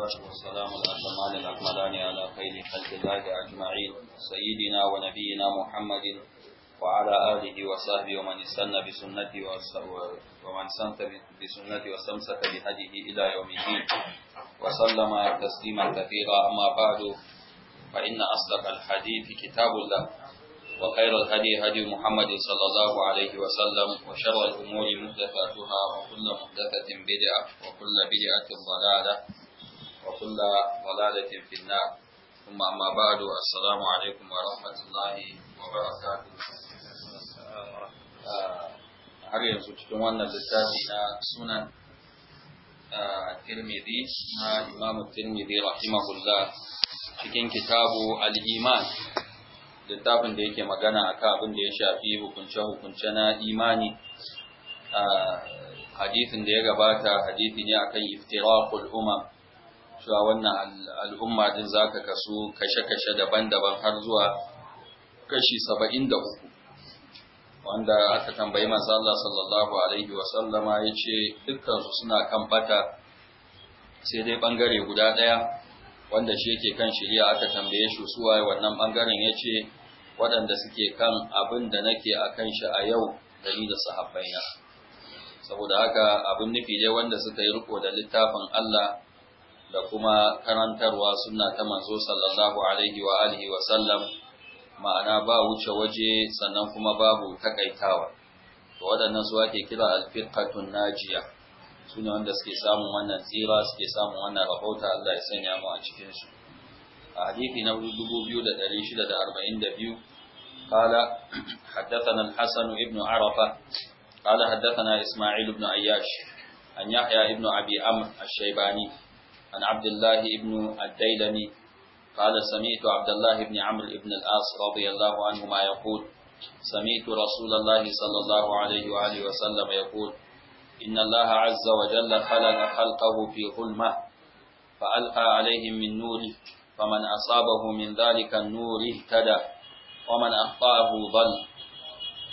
والصلاة والسلام الأكمال الأكملان على خير خلق الله أجمعين سيدنا ونبينا محمد وعلى آله وصحبه ومن استنى بسنته ومن سنت بسنته واستمسك بهديه إلى يوم الدين وسلم تسليما كثيرا أما بعد فإن أصدق الحديث كتاب الله وخير الهدي هدي محمد صلى الله عليه وسلم وشر الأمور محدثاتها وكل محدثة بدعة وكل بدعة ضلالة وكل ضلالة في النار ثم أما بعد السلام عليكم ورحمة الله وبركاته har yanzu cikin wannan littafi na sunan tirmidhi na imamu tirmidhi rahimahullah cikin kitabu al-iman littafin da yake magana akan abin da ya shafi hukunce-hukunce na imani Hadithin da ya gabata hadithi ne akan iftiraqul umam cewa wannan al'umma din za ka kasu kashe-kashe daban-daban har zuwa kashi saba'in da uku wanda aka tambayi Allah sallallahu alaihi wasallama ya ce dukkansu suna kan bata sai dai bangare guda ɗaya wanda shi yake kan shirya aka tambaye shi suwa, wannan ɓangaren ya ce waɗanda suke kan abin da nake a kan shi a yau da ni da sahabbaina saboda haka abin nufi dai wanda suka yi riko da littafin Allah da kuma karantarwa suna ta manzo sallallahu alaihi wa alihi wa sallam ma'ana ba wuce waje sannan kuma babu takaitawa to waɗannan su ake kira alfiqatun najiya sune wanda suke samun wannan tsira suke samun wannan rahota Allah ya sanya mu a cikin su a hadisi na 2642 قال حدثنا الحسن ابن عرفة قال حدثنا إسماعيل بن عياش عن يحيى ابن أبي أمر الشيباني عن عبد الله بن الديلمي قال سمعت عبد الله بن عمرو بن العاص رضي الله عنهما يقول سمعت رسول الله صلى الله عليه وآله وسلم يقول إن الله عز وجل خلق خلقه في ظلمة فألقى عليهم من نوره فمن أصابه من ذلك النور اهتدى ومن أخطاه ضل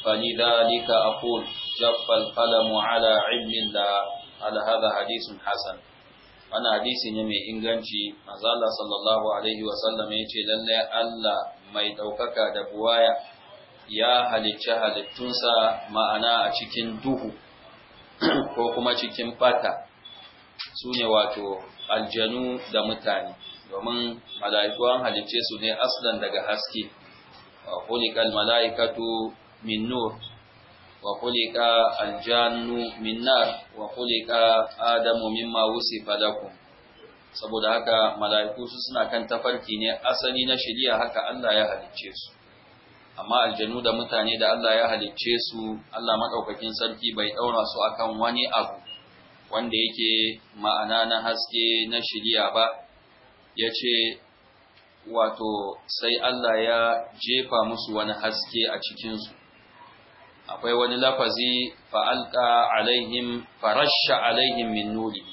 فلذلك أقول جف القلم على علم الله على هذا حديث حسن Wani hadisi ne mai inganci Mazala sallallahu alaihi wasallam ya ce lallai Allah mai ɗaukaka da buwaya ya halicci halittunsa ma'ana a cikin duhu ko kuma cikin fata sune wato aljanu da mutane domin mala'iku an halicce su ne aslan daga haske wa kulikal mala'ikatu min nur وخلق الجن من نار وخلق آدم مما وصف لكم saboda haka mala'iku su suna kan tafarki ne asali na shari'a haka Allah ya halicce su amma aljanu da mutane da Allah ya halicce su Allah madaukakin sarki bai ɗaura su akan wani abu wanda yake ma'ana na haske na shari'a ba yace wato sai Allah ya jefa musu wani haske a cikinsu. akwai wani lafazi fa'alƙa alaihim farasha alaihim min nuri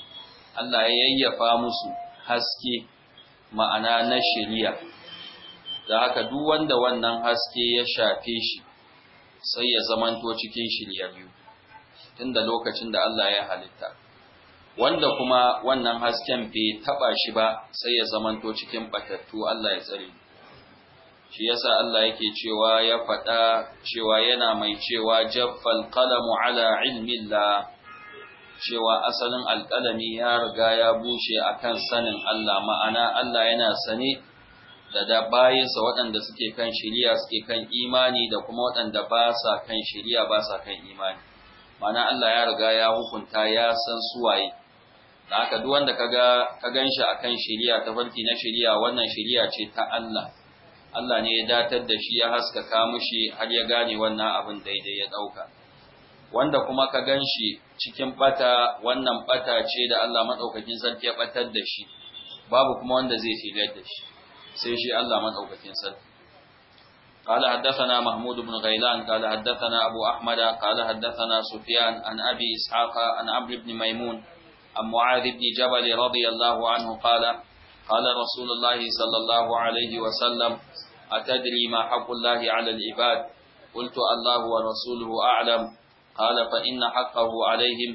Allah ya yayyafa musu haske ma'ana na shari'a da haka duk wanda wannan haske ya shafe shi sai ya zamanto cikin shiryayyu tun da lokacin da Allah ya halitta wanda kuma wannan hasken bai taɓa shi ba sai ya zamanto cikin batattu Allah ya tsare shi yasa Allah yake cewa ya faɗa cewa yana mai cewa jaffal qalamu ala ilmillah cewa asalin alƙalami ya riga ya bushe akan sanin Allah ma'ana Allah yana sane da da bayinsa waɗanda suke kan shiriya suke kan imani da kuma waɗanda ba sa kan shiriya ba sa kan imani ma'ana Allah ya riga ya hukunta ya san suwaye da haka duk wanda kaga ka ganshi akan shiriya ta farki na shiriya wannan shiriya ce ta Allah Allah ne ya datar da shi ya haskaka mushi har ya gane wannan abin daidai ya ɗauka. Wanda kuma ka gan shi cikin ɓata wannan ɓata ce da Allah maɗaukakin sarki ya ɓatar da shi, babu kuma wanda zai shigar da shi, sai shi Allah maɗaukakin sarki. قال حدثنا محمود بن غيلان قال حدثنا أبو أحمد قال حدثنا سفيان عن أبي إسحاق عن عمرو بن ميمون عن معاذ بن جبل رضي الله عنه قال قال رسول الله صلى الله عليه وسلم أتدري ما حق الله على العباد قلت الله ورسوله أعلم قال فإن حقه عليهم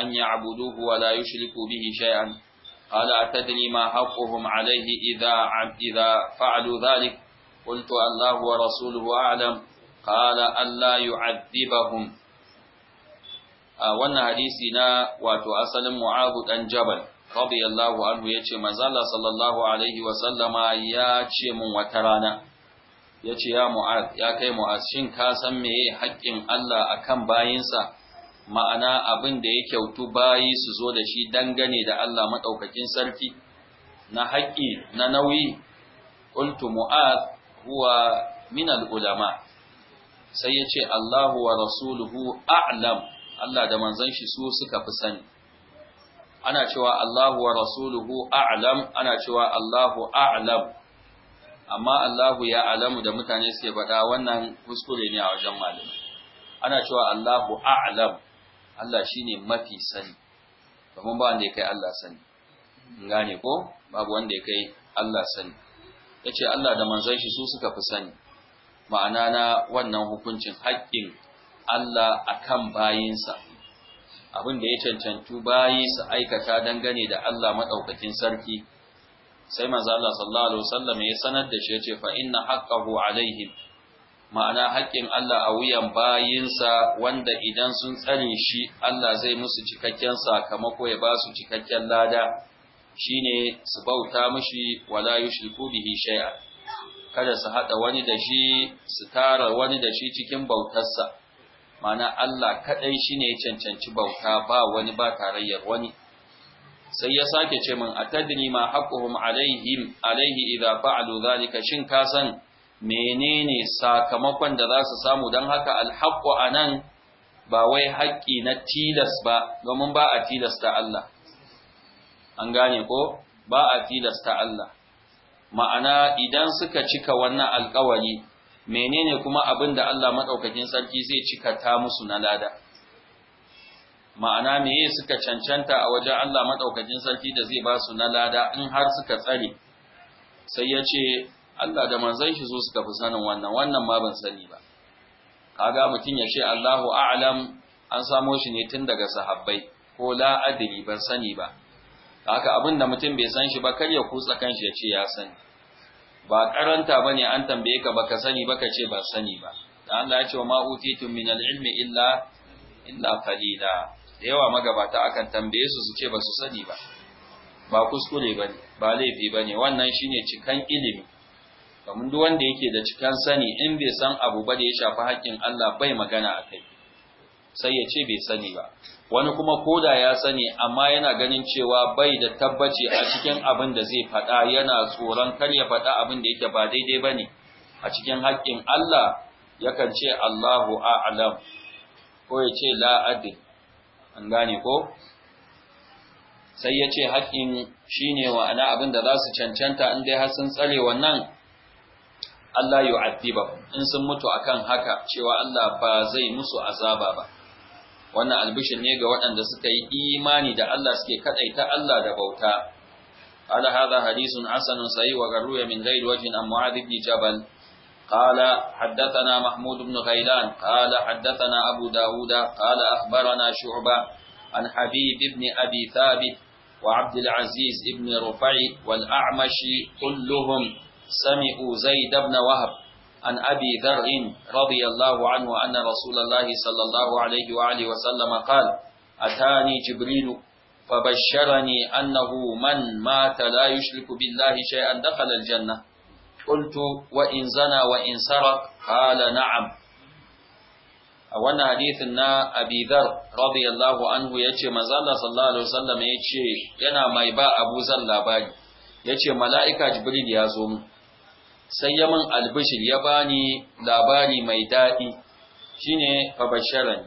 أن يعبدوه ولا يشركوا به شيئا قال أتدري ما حقهم عليه إذا, إذا فعلوا ذلك قلت الله ورسوله أعلم قال ألا يعذبهم wannan hadisi na wato asalin mu'abu dan jabal radiyallahu anhu yace manzala sallallahu alaihi wa sallama ya ce mun wata rana yace ya mu'ad ya kai mu'ad. shin ka san meye haƙƙin Allah akan bayinsa ma'ana abin da ya kyautu bayi su zo da shi dangane da Allah madaukakin sarki na haƙƙi na nauyi qultu mu'ad, huwa min ulama sai yace Allahu wa rasuluhu a'lam Allah da manzon shi su suka fi sani ana cewa Allahu wa rasuluhu a'lam ana cewa Allahu a'lam amma Allahu ya alamu da mutane suke faɗa wannan kuskure ne a wajen malami ana cewa Allahu a'lam Allah shine mafi sani domin ba wanda ya kai Allah sani gane ko babu wanda ya kai Allah sani yace Allah da manzon shi su suka fi sani ma'ana na wannan hukuncin haƙƙin Allah akan bayinsa abin da ya cancantu bayi su aikata dangane da Allah madaukakin sarki sai manzo Allah sallallahu alaihi wasallam ya sanar da shi ce, fa inna haqqahu alaihim ma'ana haƙƙin Allah a wuyan bayinsa wanda idan sun tsare shi Allah zai musu cikakken sakamako ya ba su cikakken lada shine su bauta mishi wala yushriku bihi shay'a kada su hada wani da shi su tara wani da shi cikin bautarsa Ma'ana Allah kaɗai shi ne cancanci bauta ba wani ba tarayyar wani sai ya sake ce min atadri ma haqquhum alaihim alaihi idza fa'alu zalika shin ka san menene sakamakon da za su samu don haka alhaqqu anan ba wai haƙƙi na tilas ba domin ba a tilasta Allah an gane ko ba a tilasta Allah ma'ana idan suka cika wannan alƙawari menene kuma abin da Allah maɗaukakin sarki zai cika ta musu na lada ma'ana meye suka cancanta a wajen Allah maɗaukakin sarki da zai ba su na lada in har suka tsare sai ya ce Allah da manzon shi zo suka fi sanin wannan wannan ma ban sani ba kaga mutum ya ce Allahu a'lam an samo shi ne tun daga sahabbai ko la ban sani ba haka abin da mutum bai san shi ba kar ya kutsa kanshi ya ce ya sani ba karanta bane an tambaye ka baka sani baka ce ba sani ba dan Allah ya ce ma utitu min al-ilmi illa illa qalila da yawa magabata akan tambaye su su ce ba su sani ba ba kuskure bane ba laifi bane wannan shine cikan ilimi kamar duk wanda yake da cikan sani in bai san abu ba da ya shafi haƙƙin Allah bai magana akai sai ya ce bai sani ba wani kuma koda ya sani amma yana ganin cewa bai da tabbaci a cikin abin da zai faɗa yana tsoron kar ya faɗa abin da yake ba daidai bane a cikin haƙƙin Allah yakan ce Allahu a'lam ko ya ce la adri an gane ko sai ya ce haƙƙin shine wa ana abin da za su cancanta in dai har sun tsare wannan Allah yu'adhiba in sun mutu akan haka cewa Allah ba zai musu azaba ba wannan albishin ne ga waɗanda suka yi imani da Allah suke ta Allah da bauta ala hadha hadithun hasanun sahih wa garruya min ghairi wajhin an mu'adh ibn jabal قال حدثنا محمود بن غيلان قال حدثنا أبو داود قال أخبرنا شعبة عن حبيب بن أبي ثابت وعبد العزيز بن رفعي والأعمش كلهم سمعوا زيد بن وهب عن أبي ذر رضي الله عنه أن رسول الله صلى الله عليه وآله وسلم قال أتاني جبريل فبشرني أنه من مات لا يشرك بالله شيئا دخل الجنة قلت وإن زنى وإن سرق قال نعم wannan hadithin na abidar radiyallahu anhu ya yace mazala sallallahu alaihi wasallam ya yana mai ba abu zan labari Yace mala'ika jibril ya zo sai ya min albishir ya bani labari mai daɗi shine fabasharan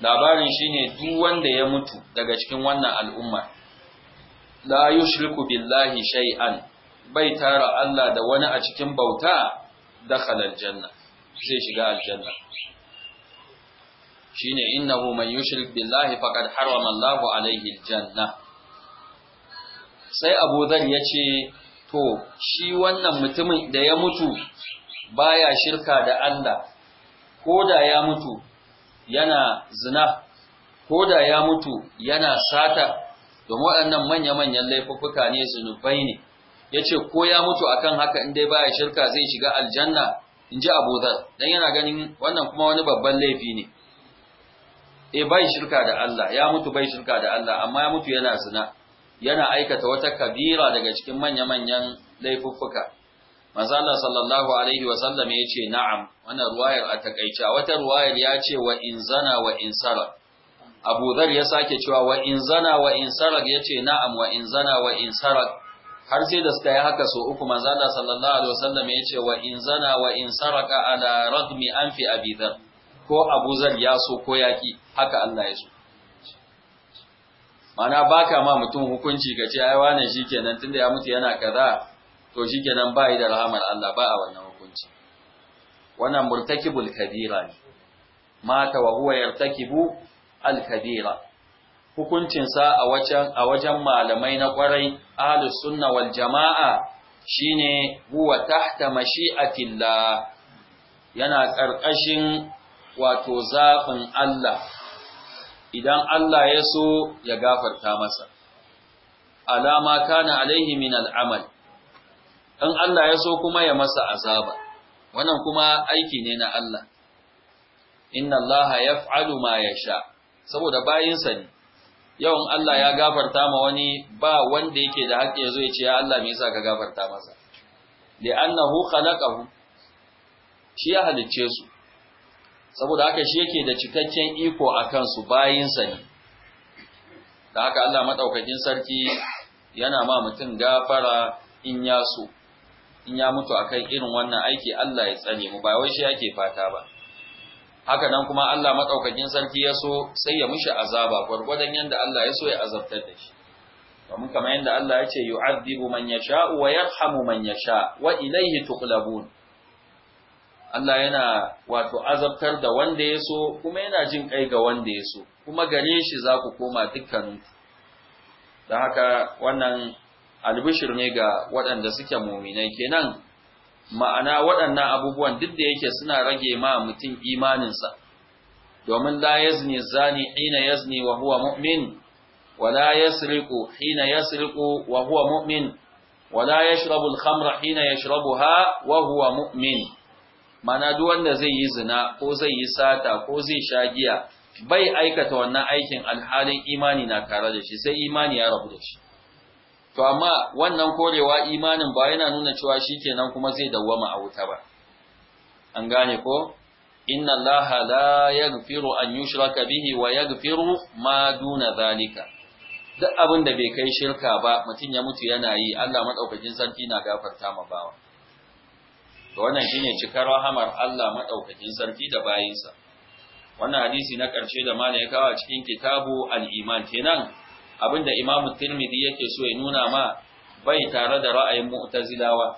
labarin shine duk wanda ya mutu daga cikin wannan al'umma la yushriku billahi shay'an bai tara Allah da wani a cikin bauta dakhala aljanna zai shiga aljanna shine innahu man yushrik billahi faqad harrama mallahu alaihi janna. sai Abu ya yace to shi wannan mutumin da ya mutu baya shirka da Allah ko da ya mutu yana zina ko da ya mutu yana sata domin waɗannan manya-manyan laifuka ne zunubai ne ya ce ko ya mutu akan haka in dai baya shirka zai shiga aljanna in ji abuzar don yana ganin wannan kuma wani babban laifi ne e bai shirka da Allah ya mutu bai shirka da Allah amma ya mutu yana zina yana aikata wata kabira daga cikin manya-manyan laifuffuka manzo Allah sallallahu alaihi wa sallam ce, na'am wannan ruwayar a takaice wata ruwayar ya ce wa in zana wa in sara. Abu Dhar ya sake cewa wa in zana wa in ya ce, na'am wa in zana wa in sara. har sai da suka yi haka so uku manzo Allah sallallahu alaihi wa sallam ce wa in zana wa in ka ala radmi anfi Abi Dhar ko Abu Dhar ya so ko yaki haka Allah ya so mana baka ma mutum hukunci ka ce ai wannan shikenan tunda ya mutu yana kaza to shikenan ba yi da rahmar Allah ba a wannan hukunci wannan murtakibul kabira ne mata wa huwa yartakibu al kabira hukuncinsa a wajen a wajen malamai na kwarai ahlus sunna wal jama'a shine huwa tahta mashi'atillah yana ƙarƙashin wato zafin Allah idan Allah ya so ya gafarta masa alama kana alaihi min al'amal in Allah ya so kuma ya masa azaba wannan kuma aiki ne na Allah inna Allah yaf'alu ma sha. saboda bayinsa ne yawan Allah ya gafarta ma wani ba wanda yake da haƙƙi yazo ya ce ya Allah me yasa ka gafarta masa li'annahu khalaqahu shi ya halicce su saboda haka shi yake da cikakken iko a kansu bayinsa ne da haka Allah maɗaukakin sarki yana ma mutum gafara in ya so in ya mutu akan irin wannan aiki Allah ya tsare mu ba wai shi yake fata ba haka nan kuma Allah maɗaukakin sarki ya so sai ya mishi azaba gwargwadon yadda Allah ya so ya azabtar da shi domin kamar yadda Allah ya ce yu'adhibu man yasha wa yarhamu man yasha wa ilayhi tuqlabun Allah yana wato azabtar da wanda ya so kuma yana jin kai ga wanda ya so kuma gare shi za ku koma dukkaninku da haka wannan albishir ne ga waɗanda suke muminai kenan ma'ana waɗannan abubuwan duk da yake suna rage ma mutum imaninsa domin la yazni zani hina yazni wa huwa mu'min wa la yasriqu hina yasriqu wa huwa mu'min wa la yashrabu al-khamra hina yashrabuha wa huwa mu'min mana duk wanda zai yi zina ko zai yi sata ko zai sha giya bai aikata wannan aikin alhalin imani na kare da shi sai imani ya rabu da shi to amma wannan korewa imanin ba yana nuna cewa kenan kuma zai dawwama a wuta ba an gane ko inna allaha la yaghfiru an yushraka bihi wa yaghfiru ma duna zalika duk abin da bai kai shirka ba mutum ya mutu yana yi Allah madaukakin sarki na gafarta ma bawa to wannan shine cikar rahamar Allah madaukakin sarki da bayinsa wannan hadisi na ƙarshe da malam ya kawo cikin kitabu al-iman kenan abinda Imam Tirmidhi yake so ya nuna ma bai tare da ra'ayin mu'tazilawa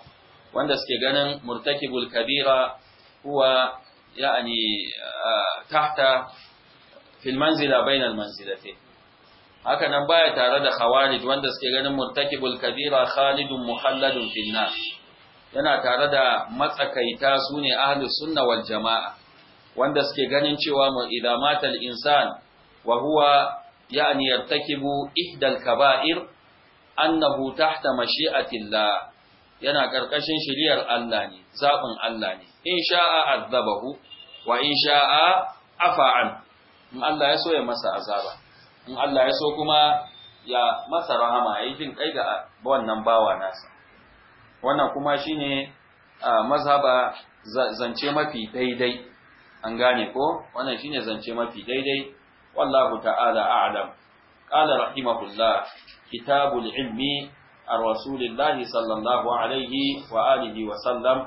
wanda suke ganin murtakibul kabira huwa yani tahta fil manzila bainal manzilatayn haka nan baya tare da khawarij wanda suke ganin murtakibul kabira khalidun muhalladun fil yana tare da matsakaita su ne ahli sunna wal jama'a wanda suke ganin cewa mu idza mata al insan wa huwa yani yartakibu ihda al kaba'ir annahu tahta mashi'atillah yana karkashin shiriyar Allah ne zabin Allah ne in sha'a azabahu wa in sha'a afa'an in Allah ya so ya masa azaba in Allah ya so kuma ya masa rahama yayin jin kai ga wannan bawa nasa wannan kuma shine mazhaba zance mafi daidai an gane ko wannan ne zance mafi daidai wallahu ta'ala a'lam qala rahimahullah kitabul ilmi الرسول الله صلى wa sallam.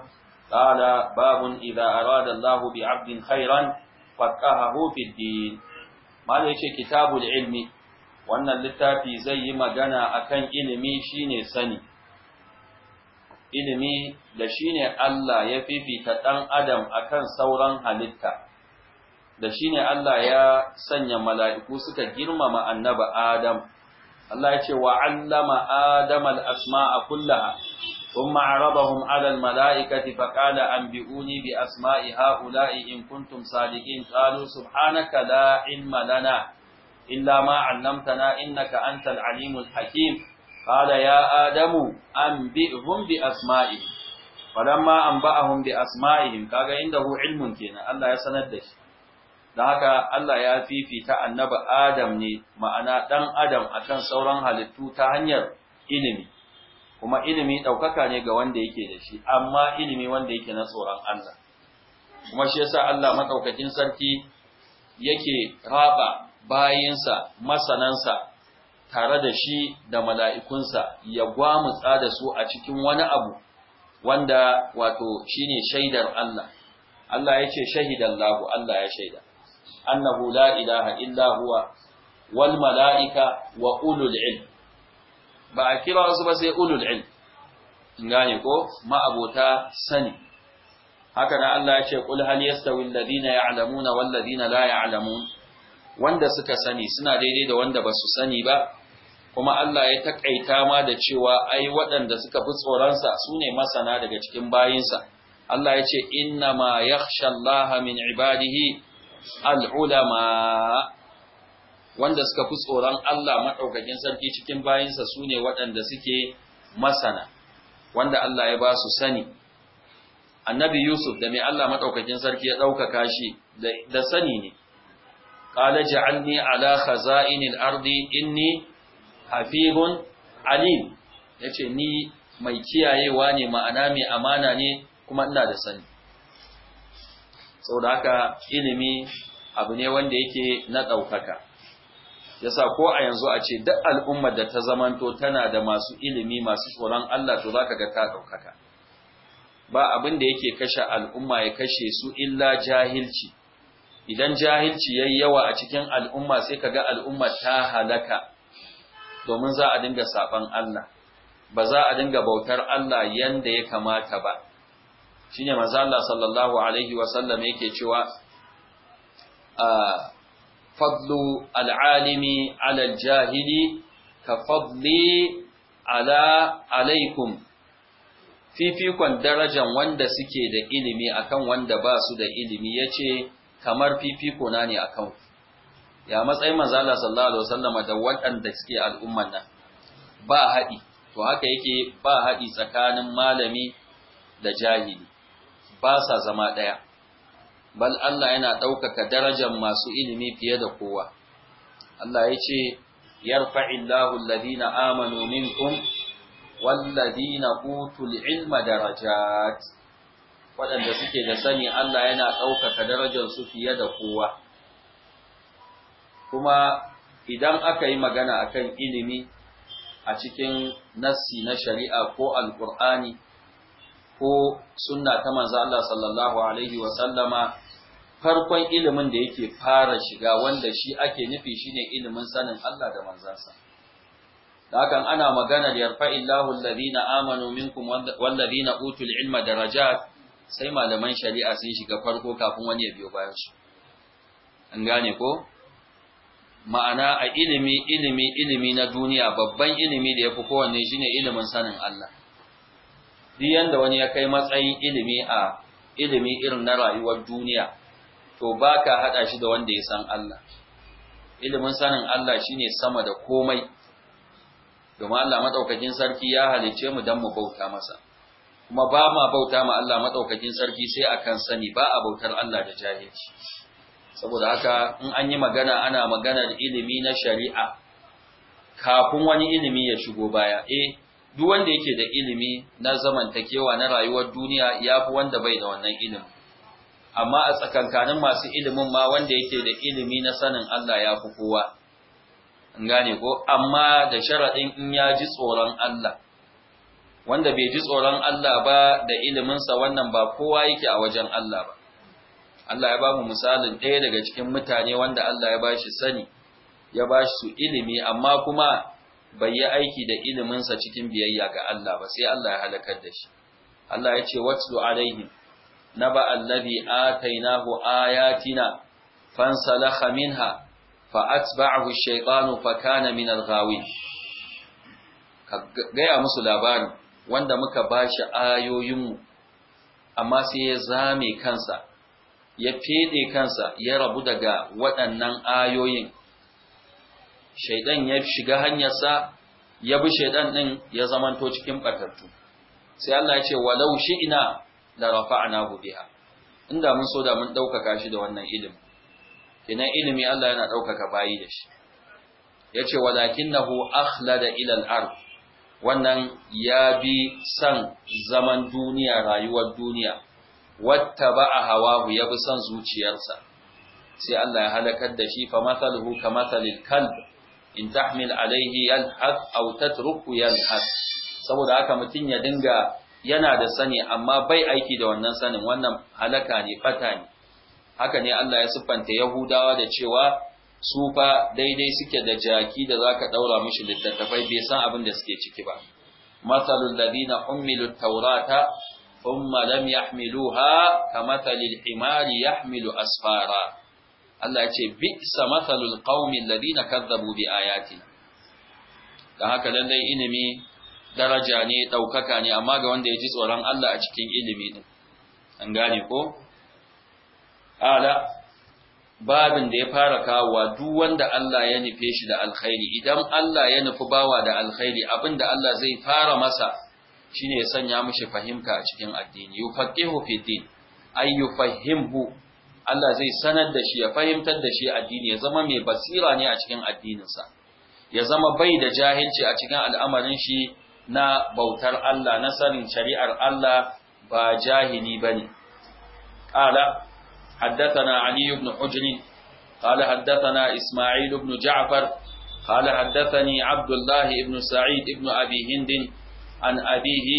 Ƙala babun قال باب إذا أراد الله بعبد خيرا فقهه din. الدين ما ليش كتاب العلم وأن اللتافي زي ما جنا أكن علمي شيني sani. ilimi da shi ne Allah ya fifita ɗan adam akan sauran halitta, da shi ne Allah ya sanya mala’iku suka girmama annaba Adam. Allah ya ce, wa’allama Adam al’asma a kulla, kun ma’arabahun adal mala’ikati faƙala an bi uni bi asma’i ha’ula’i in kuntum sadiqin ƙalu subhanaka la’in malana, na ma’allamtana innaka antal alimul hakim. qala ya adamu anbi'hum bi asma'ihim falamma anba'ahum bi asma'ihim kaga indahu ilmun kenan Allah ya sanar da shi Da haka Allah ya fifita annabi Adam ne ma'ana dan Adam akan sauran halittu ta hanyar ilimi kuma ilimi ɗaukaka ne ga wanda yake da shi amma ilimi wanda yake na tsoron Allah kuma shi yasa Allah madaukakin sarki yake raba bayinsa masanansa tare da shi da mala'ikunsa ya gwamutsa da su a cikin wani abu wanda wato shine shaidar Allah Allah ya ce shahidan shahidallahu Allah ya shaida annahu la ilaha illa huwa wal mala'ika wa ulul ilm ba a kira wasu ba sai ulul ilm gane ko ma'abota sani haka na Allah ya ce qul hal yastawi alladhina ya'lamuna wal ladina la ya'lamun wanda suka sani suna daidai da wanda ba su sani ba kuma Allah ya takaita ma da cewa ai waɗanda suka fi tsoronsa su ne masana daga cikin bayinsa Allah ya ce inna ma yakhsha Allah min ibadihi al-ulama wanda suka fi tsoron Allah maɗaukakin sarki cikin bayinsa su ne waɗanda suke masana wanda Allah ya ba su sani annabi Yusuf da mai Allah maɗaukakin sarki ya ɗaukaka shi da sani ne qala ja'alni ala khaza'inil ardi inni hafizun alim ce ni mai kiyayewa ne ma'ana mai amana ne kuma ina da sani saboda ilimi abu ne wanda yake na ɗaukaka yasa ko a yanzu a ce duk al'ummar da ta zamanto tana da masu ilimi masu tsoron Allah to zaka ga ta ɗaukaka ba abin da yake kashe al'umma ya kashe su illa jahilci idan jahilci yayi yawa a cikin al'umma sai ka ga al'umma ta halaka domin za a dinga saban Allah ba za a dinga bautar Allah yanda ya kamata ba shine manzo Allah sallallahu alaihi wasallam yake cewa ah, fadlu al'alimi ala ka fadli ala alaikum fifikon darajan wanda suke da ilimi akan wanda ba su da ilimi ya ce, kamar fifiko na ne akan ku ya matsayin manzo sallallahu alaihi wasallama da waɗanda suke al'umman nan ba haɗi to haka yake ba haɗi tsakanin malami da jahili ba sa zama ɗaya bal Allah yana ɗaukaka darajar masu ilimi fiye da kowa Allah ya ce yarfa'illahu alladhina amanu minkum walladhina utul ilma darajat waɗanda suke da sani Allah yana ɗaukaka darajar su fiye da kowa kuma idan aka yi magana akan ilimi a cikin nassi na shari'a ko alkur'ani ko sunna ta manzo Allah sallallahu alaihi wa sallama farkon ilimin da yake fara shiga wanda shi ake nufi shine ilimin sanin Allah da manzansa dakan ana magana da illahu alladhina amanu minkum ladina utul ilma darajat sai malaman shari'a sun shiga farko kafin wani ya biyo bayan shi an gane ko ma'ana a ilimi ilimi ilimi na duniya babban ilimi da ya fi kowanne shine ilimin sanin Allah duk yanda wani ya kai matsayin ilimi a ilimi irin na rayuwar duniya to baka hada shi da wanda ya san Allah ilimin sanin Allah shine sama da komai domin Allah madaukakin sarki ya halice mu dan mu bauta masa kuma ba ma bauta ma Allah madaukakin sarki sai akan sani ba a bautar Allah da jahilci saboda haka in an yi magana ana maganar ilimi na shari'a kafin wani ilimi ya shigo baya e, duk wanda yake da ilimi na zamantakewa na rayuwar duniya ya fi wanda bai da wannan ilimin amma a tsakankanin masu ilimin ma wanda yake da ilimi na sanin Allah ya fi kowa in gane ko amma da sharaɗin in ya ji tsoron Allah wanda bai ji tsoron Allah ba da iliminsa wannan ba kowa yake a wajen Allah ba Allah ya ba mu misalin ɗaya daga cikin mutane wanda Allah ya bashi sani ya ba su ilimi amma kuma bai yi aiki da iliminsa cikin biyayya ga Allah ba sai Allah ya halakar da shi Allah ya ce watsu alaihim naba allazi atainahu ayatina fansalakha minha fa atba'ahu ash-shaytanu fa kana min alghawi. Ka gaya musu labari wanda muka bashi ayoyinmu amma sai ya zame kansa ya fede kansa ya rabu daga waɗannan ayoyin shaidan ya shiga hanyarsa ya bi shaidan ɗin ya zamanto cikin batattu sai Allah ya ce walau ina la rafa'nahu biha inda mun so da mun ɗaukaka shi da wannan ilimi ina ilimi Allah yana ɗaukaka bayi da shi yace nahu akhlada da ilal ard wannan ya bi san zaman duniya rayuwar duniya wattaba'a hawahu ya bi son zuciyarsa sai Allah ya halakar da shi fa mathaluhu ka mathalil kalb in tahmil alaihi yalhath aw tatruku yalhath saboda haka mutum ya dinga yana da sani amma bai aiki da wannan sanin wannan halaka ne fata ne haka ne Allah ya siffanta Yahudawa da cewa su fa daidai suke da jaki da zaka ɗaura mishi littattafai bai san abin da suke ciki ba masalul ladina ummilut tawrata thumma lam yahmiluha kamathalil himari yahmilu asfara Allah yace ce bi'sa mathalul qaumil ladina kazzabu bi ayatina dan haka lallai ilimi daraja ne daukaka ne amma ga wanda ya ji tsoron Allah a cikin ilimi din an gane ko ala babin da ya fara kawowa duk wanda Allah ya nufe shi da alkhairi idan Allah ya nufi bawa da alkhairi abinda Allah zai fara masa ne ya sanya mishi fahimta a cikin addini yufaqihu fi din ay yufahimhu Allah zai sanar da shi ya fahimtar da shi addini ya zama mai basira ne a cikin addininsa ya zama bai da jahilci a cikin al'amarin shi na bautar Allah na sanin shari'ar Allah ba jahili bane qala حدثنا علي بن حجر قال حدثنا إسماعيل بن جعفر قال حدثني عبد الله بن سعيد بن أبي هند عن أبيه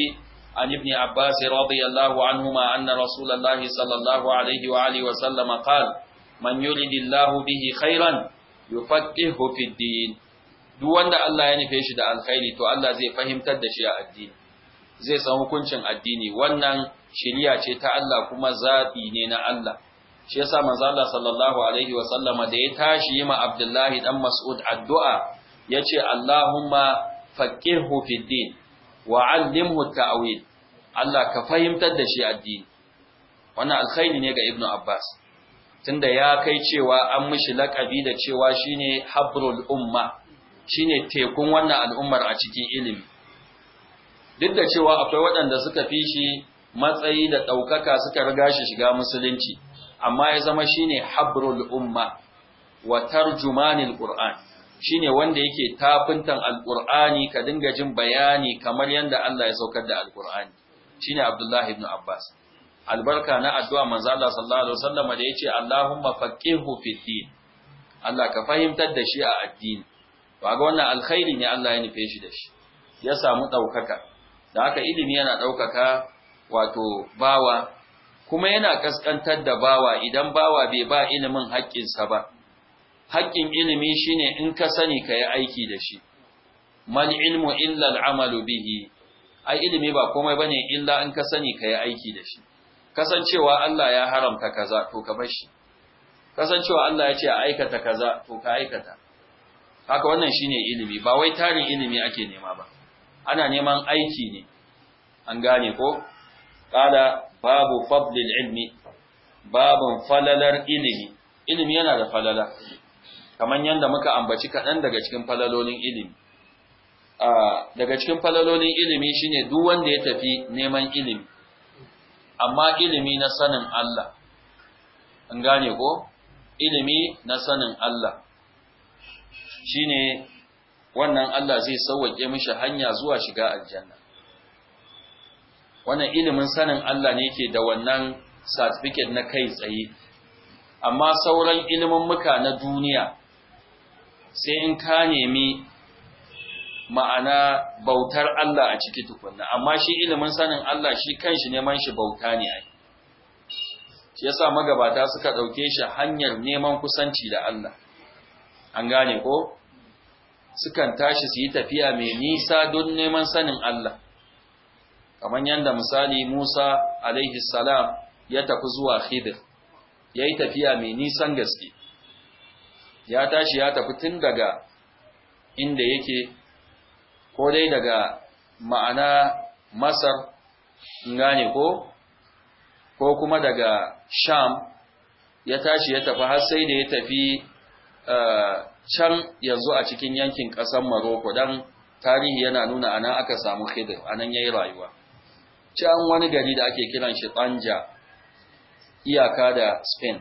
عن ابن عباس رضي الله عنهما أن رسول الله صلى الله عليه وآله وسلم قال من يرد الله به خيرا يفقهه في الدين duk wanda Allah ya nufe shi da alkhairi to Allah zai fahimtar da shi a addini zai san hukuncin addini wannan shiriya ce ta Allah kuma zabi ne na Allah shi yasa manzo Allah sallallahu alaihi wa sallama da ya tashi yi ma Abdullahi dan Mas'ud addu'a yace Allahumma faqihhu fid din wa allimhu ta'wil Allah ka fahimtar da shi addini wannan alkhairi ne ga ibnu abbas tunda ya kai cewa an mishi lakabi da cewa shine habrul umma shine tekun wannan al'ummar a cikin ilimi duk da cewa akwai waɗanda suka fi shi matsayi da ɗaukaka suka riga shi shiga musulunci amma ya zama shine habrul umma wa tarjumanil qur'an shine wanda yake tafintan alqur'ani ka dinga jin bayani kamar yadda Allah ya saukar da alqur'ani shine Abdullahi ibn Abbas albarka na addu'a manzo Allah sallallahu alaihi wasallam da yace Allahumma faqihhu fid din Allah ka fahimtar da shi a addini Ba ga wannan alkhairi ne Allah ya nufe shi da shi ya samu daukaka da haka ilimi yana ɗaukaka wato bawa kuma yana kaskantar da bawa idan bawa bai ba ilimin haƙƙinsa ba haƙƙin ilimi shine in ka sani ka yi aiki da shi mal ilmu illa amalu bihi ai ilimi ba komai bane illa in ka sani ka yi aiki da shi kasancewa Allah ya haramta kaza to ka bar shi kasancewa Allah ya ce a aikata kaza to ka aikata haka wannan shine ilimi ba wai tarin ilimi ake nema ba ana neman aiki ne an gane ko qala babu fablil ilmi babun falalar ilimi ilimi yana da falala kamar yadda muka ambaci kaɗan daga cikin falalolin ilimi daga cikin falalolin ilimi shine duk wanda ya tafi neman ilimi amma ilimi na sanin Allah an gane ko ilimi na sanin Allah shine wannan Allah zai sauwake mishi hanya zuwa shiga aljanna wannan ilimin sanin Allah ne ke da wannan certificate na kai tsaye amma sauran ilimin muka na duniya sai in ka nemi ma'ana bautar Allah a ciki tukunna amma shi ilimin sanin Allah shi kanshi neman shi bauta ne ai shi yasa magabata suka dauke shi hanyar neman kusanci da Allah an gane ko sukan tashi su yi tafiya mai nisa don neman sanin Allah kamar yadda misali Musa alaihi salam ya tafi zuwa ya yayi tafiya mai nisan gaske ya tashi ya tafi tun daga inda yake ko dai daga ma'ana masar gane ko ko kuma daga sham ya tashi ya tafi har sai da ya tafi eh, can yanzu a cikin yankin ƙasar maroko don tarihi yana nuna ana aka samu khidir anan yayi rayuwa can wani gari da ake kiran shi ɓanja iyaka da spain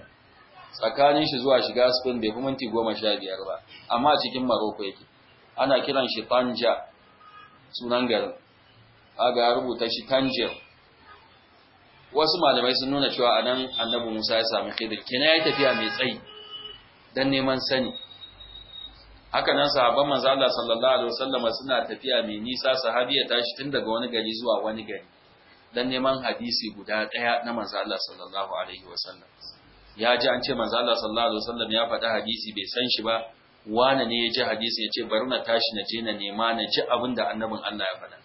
tsakanin shi zuwa shiga Spain bai fi minti goma sha biyar ba amma a cikin Maroko yake ana kiran shi Tanja sunan garin aga rubuta shi Tangier wasu malamai sun nuna cewa anan Annabi Musa ya sami Khidir kina ya tafiya mai tsayi dan neman sani haka nan sahabban manzo Allah sallallahu alaihi wasallam suna tafiya mai nisa sahabi ya tashi tun daga wani gari zuwa wani gari dan neman hadisi guda daya na manzo Allah sallallahu alaihi wasallam ya ji an ce manzo Allah sallallahu alaihi wasallam ya faɗi hadisi bai san shi ba wane ne ya ji hadisi ya ce bari na tashi na je na nema na ji abin da annabin Allah ya faɗa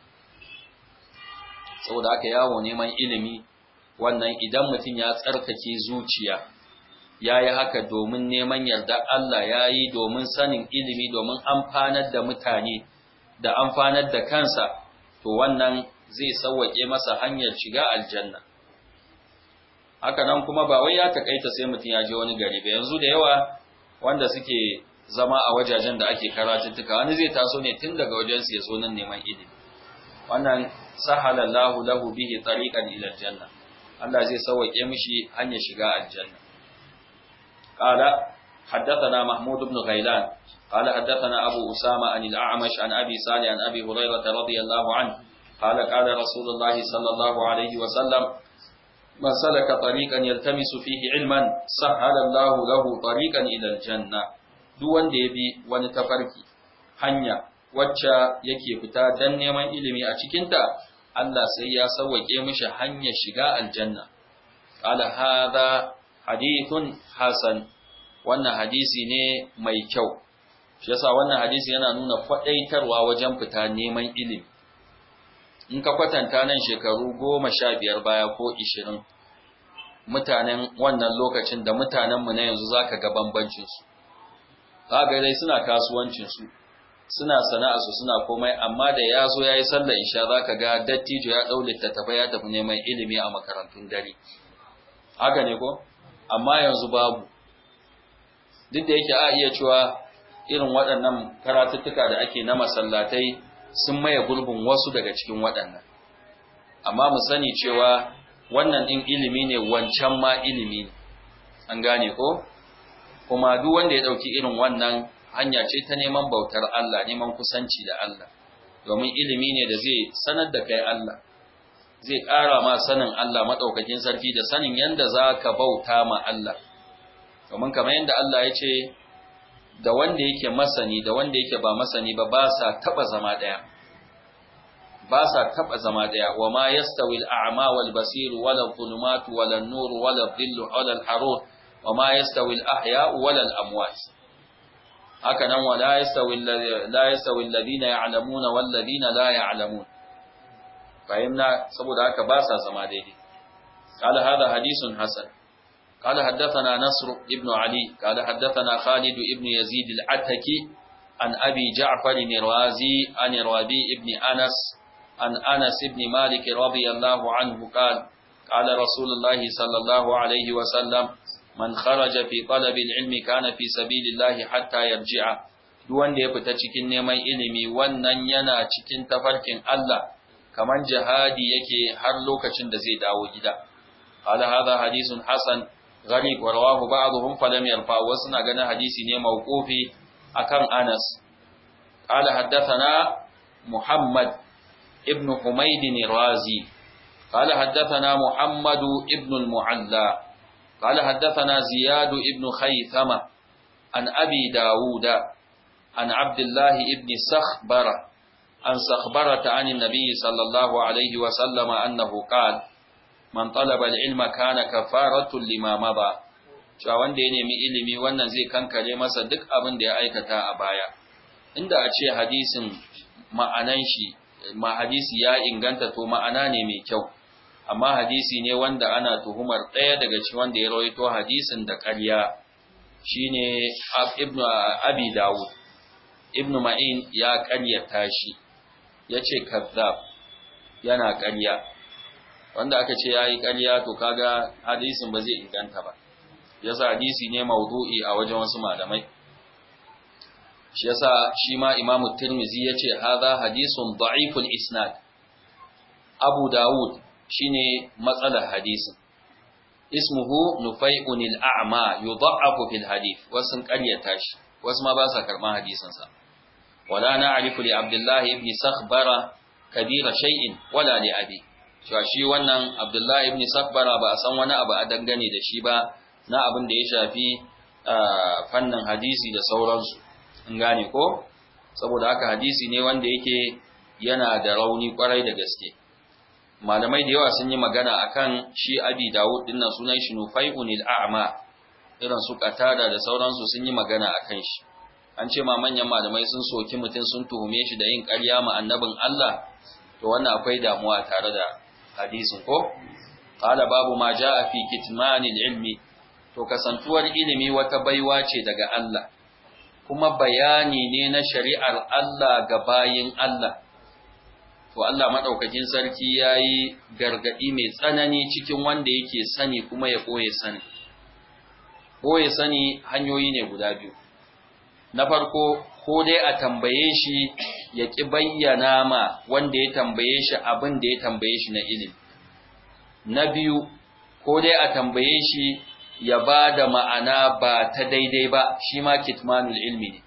saboda haka yawo neman ilimi wannan idan mutum ya tsarkake zuciya ya yi haka domin neman yarda Allah ya yi domin sanin ilimi domin amfanar da mutane da amfanar da kansa to wannan zai sauwaƙe masa hanyar shiga aljanna haka nan kuma ba wai ya takaita sai mutum ya je wani gari ba yanzu da yawa wanda suke zama a wajajen da ake karatuttuka wani zai taso ne tun daga wajen su ya zo nan neman ilimi wannan sahala lahu lahu bihi tariqan ila janna Allah zai sauke mishi hanyar shiga aljanna qala حدثنا محمود بن غيلان قال حدثنا أبو أسامة عن الأعمش عن أبي صالح عن أبي هريرة رضي الله عنه قال قال رسول الله صلى الله عليه وسلم man سلك طريقا يلتمس فيه ilman سهل الله lahu طريقا الى aljanna duk wanda ya bi wani tafarki hanya wacce yake fita dan neman ilimi a cikinta Allah sai ya sauwake mishi hanyar shiga aljanna qala hadha hadithun hasan wannan hadisi ne mai kyau shi yasa wannan hadisi yana nuna kwadaitarwa wajen fita neman ilimi in ka kwatanta nan shekaru goma sha biyar baya ko ishirin mutanen wannan lokacin da mutanenmu na yanzu za ka ga bambancinsu ba ga dai suna kasuwancinsu suna sana'arsu suna komai amma da ya zo ya yi sallar isha za ka ga dattijo ya ɗau littattafai ya tafi neman ilimi a makarantun dare haka ne ko amma yanzu babu duk da yake a iya cewa irin waɗannan karatuttuka da ake na masallatai sun maye gurbin wasu daga cikin waɗannan amma mu sani cewa wannan ɗin ilimi ne wancan ma ilimi an gane ko kuma duk wanda ya ɗauki irin wannan hanya ce ta neman bautar Allah neman kusanci da Allah domin ilimi ne da zai sanar da kai Allah zai ƙara ma sanin Allah maɗaukakin sarki da sanin yadda za ka bauta ma Allah domin kamar yadda Allah ya ce da wanda yake masani da wanda yake ba masani ba ba sa taba zama ɗaya, ba sa taɓa zama ɗaya. wa ma yastawi al-a'ma wal basir wala dhulumat wala an-nur wala dhillu wala wa ma yastawi al-ahya wala al-amwat haka nan wa la yastawi la yastawi alladhina ya'lamuna wal ladina la ya ya'lamun fahimna saboda haka ba sa zama daidai Kala hada hadithun Hassan. قال حدثنا نصر ابن علي قال حدثنا خالد ابن يزيد العتكي عن أبي جعفر الرازي عن الربيع ابن أنس عن أنس ابن مالك رضي الله عنه قال قال رسول الله صلى الله عليه وسلم من خرج في طلب العلم كان في سبيل الله حتى يرجع wanda ya fita cikin neman ilimi wannan yana cikin tafarkin Allah kaman jihadi yake har lokacin da zai dawo gida qala hadha hadithun hasan gharib ba rawahu ba'dhum falam yarfa wasu na ganin hadisi ne mawqufi akan Anas qala haddathana Muhammad ibn Humayd razi qala haddathana Muhammad ibn al-Mu'alla qala haddathana Ziyad ibn Khaythama an Abi Dawud an Abdullah ibn Sakhbara an Sakhbara an an-nabi sallallahu alaihi wa sallama annahu qala man talaba al-ilma kana kafaratun lima mada cewa wanda ya nemi ilimi wannan zai kankare masa duk abin da ya aikata a baya inda a ce hadisin ma'anan shi ma hadisi ya inganta to ma'ana ne mai kyau amma hadisi ne wanda ana tuhumar ɗaya daga ciwon wanda ya rawaito hadisin da ƙarya shine ibnu abi dawud ibnu ma'in ya ƙaryata shi yace kazzab yana ƙarya wanda aka ce ya yi ƙarya to kaga hadisin ba zai inganta ba yasa hadisi ne maudu'i a wajen wasu malamai shi yasa shi ma Imam Tirmidhi yace hadha hadisun da'iful isnad Abu Dawud shine matsalar hadisin ismuhu nufai'un al'ama yudha'afu fil hadith wasu ƙaryata shi wasu ma ba sa karban hadisinsa wala na na'rifu li abdullahi ibn Sakhbara kabira shay'in wala li abi cewa shi wannan Abdullahi ibn Sabbara ba a san wani abu a dangane da shi ba na abin da ya shafi fannin hadisi da sauransu in gane ko saboda haka hadisi ne wanda yake yana da rauni kwarai da gaske malamai da yawa sun yi magana akan shi Abi Dawud din nan sunan shi Nufai'un al-A'ma irin su katada da sauransu sun yi magana akan shi an ce ma manyan malamai sun soki mutum sun tuhume shi da yin ƙarya ma annabin Allah to wannan akwai damuwa tare da hadisin ko qala babu ma jaa fi kitmanil ilmi to kasantuwar ilimi wata baiwa ce daga Allah kuma bayani ne na shari'ar Allah ga bayin Allah to Allah madaukakin sarki yayi gargadi mai tsanani cikin wanda yake sani kuma ya koye sani koye sani hanyoyi ne guda biyu na farko ko dai a tambaye shi ya ki bayyana ma wanda ya tambaye shi abin da ya tambaye shi na ilimi na biyu ko dai a tambaye shi ya ba da ma'ana ba ta daidai ba shi ma kitmanul ilmi ne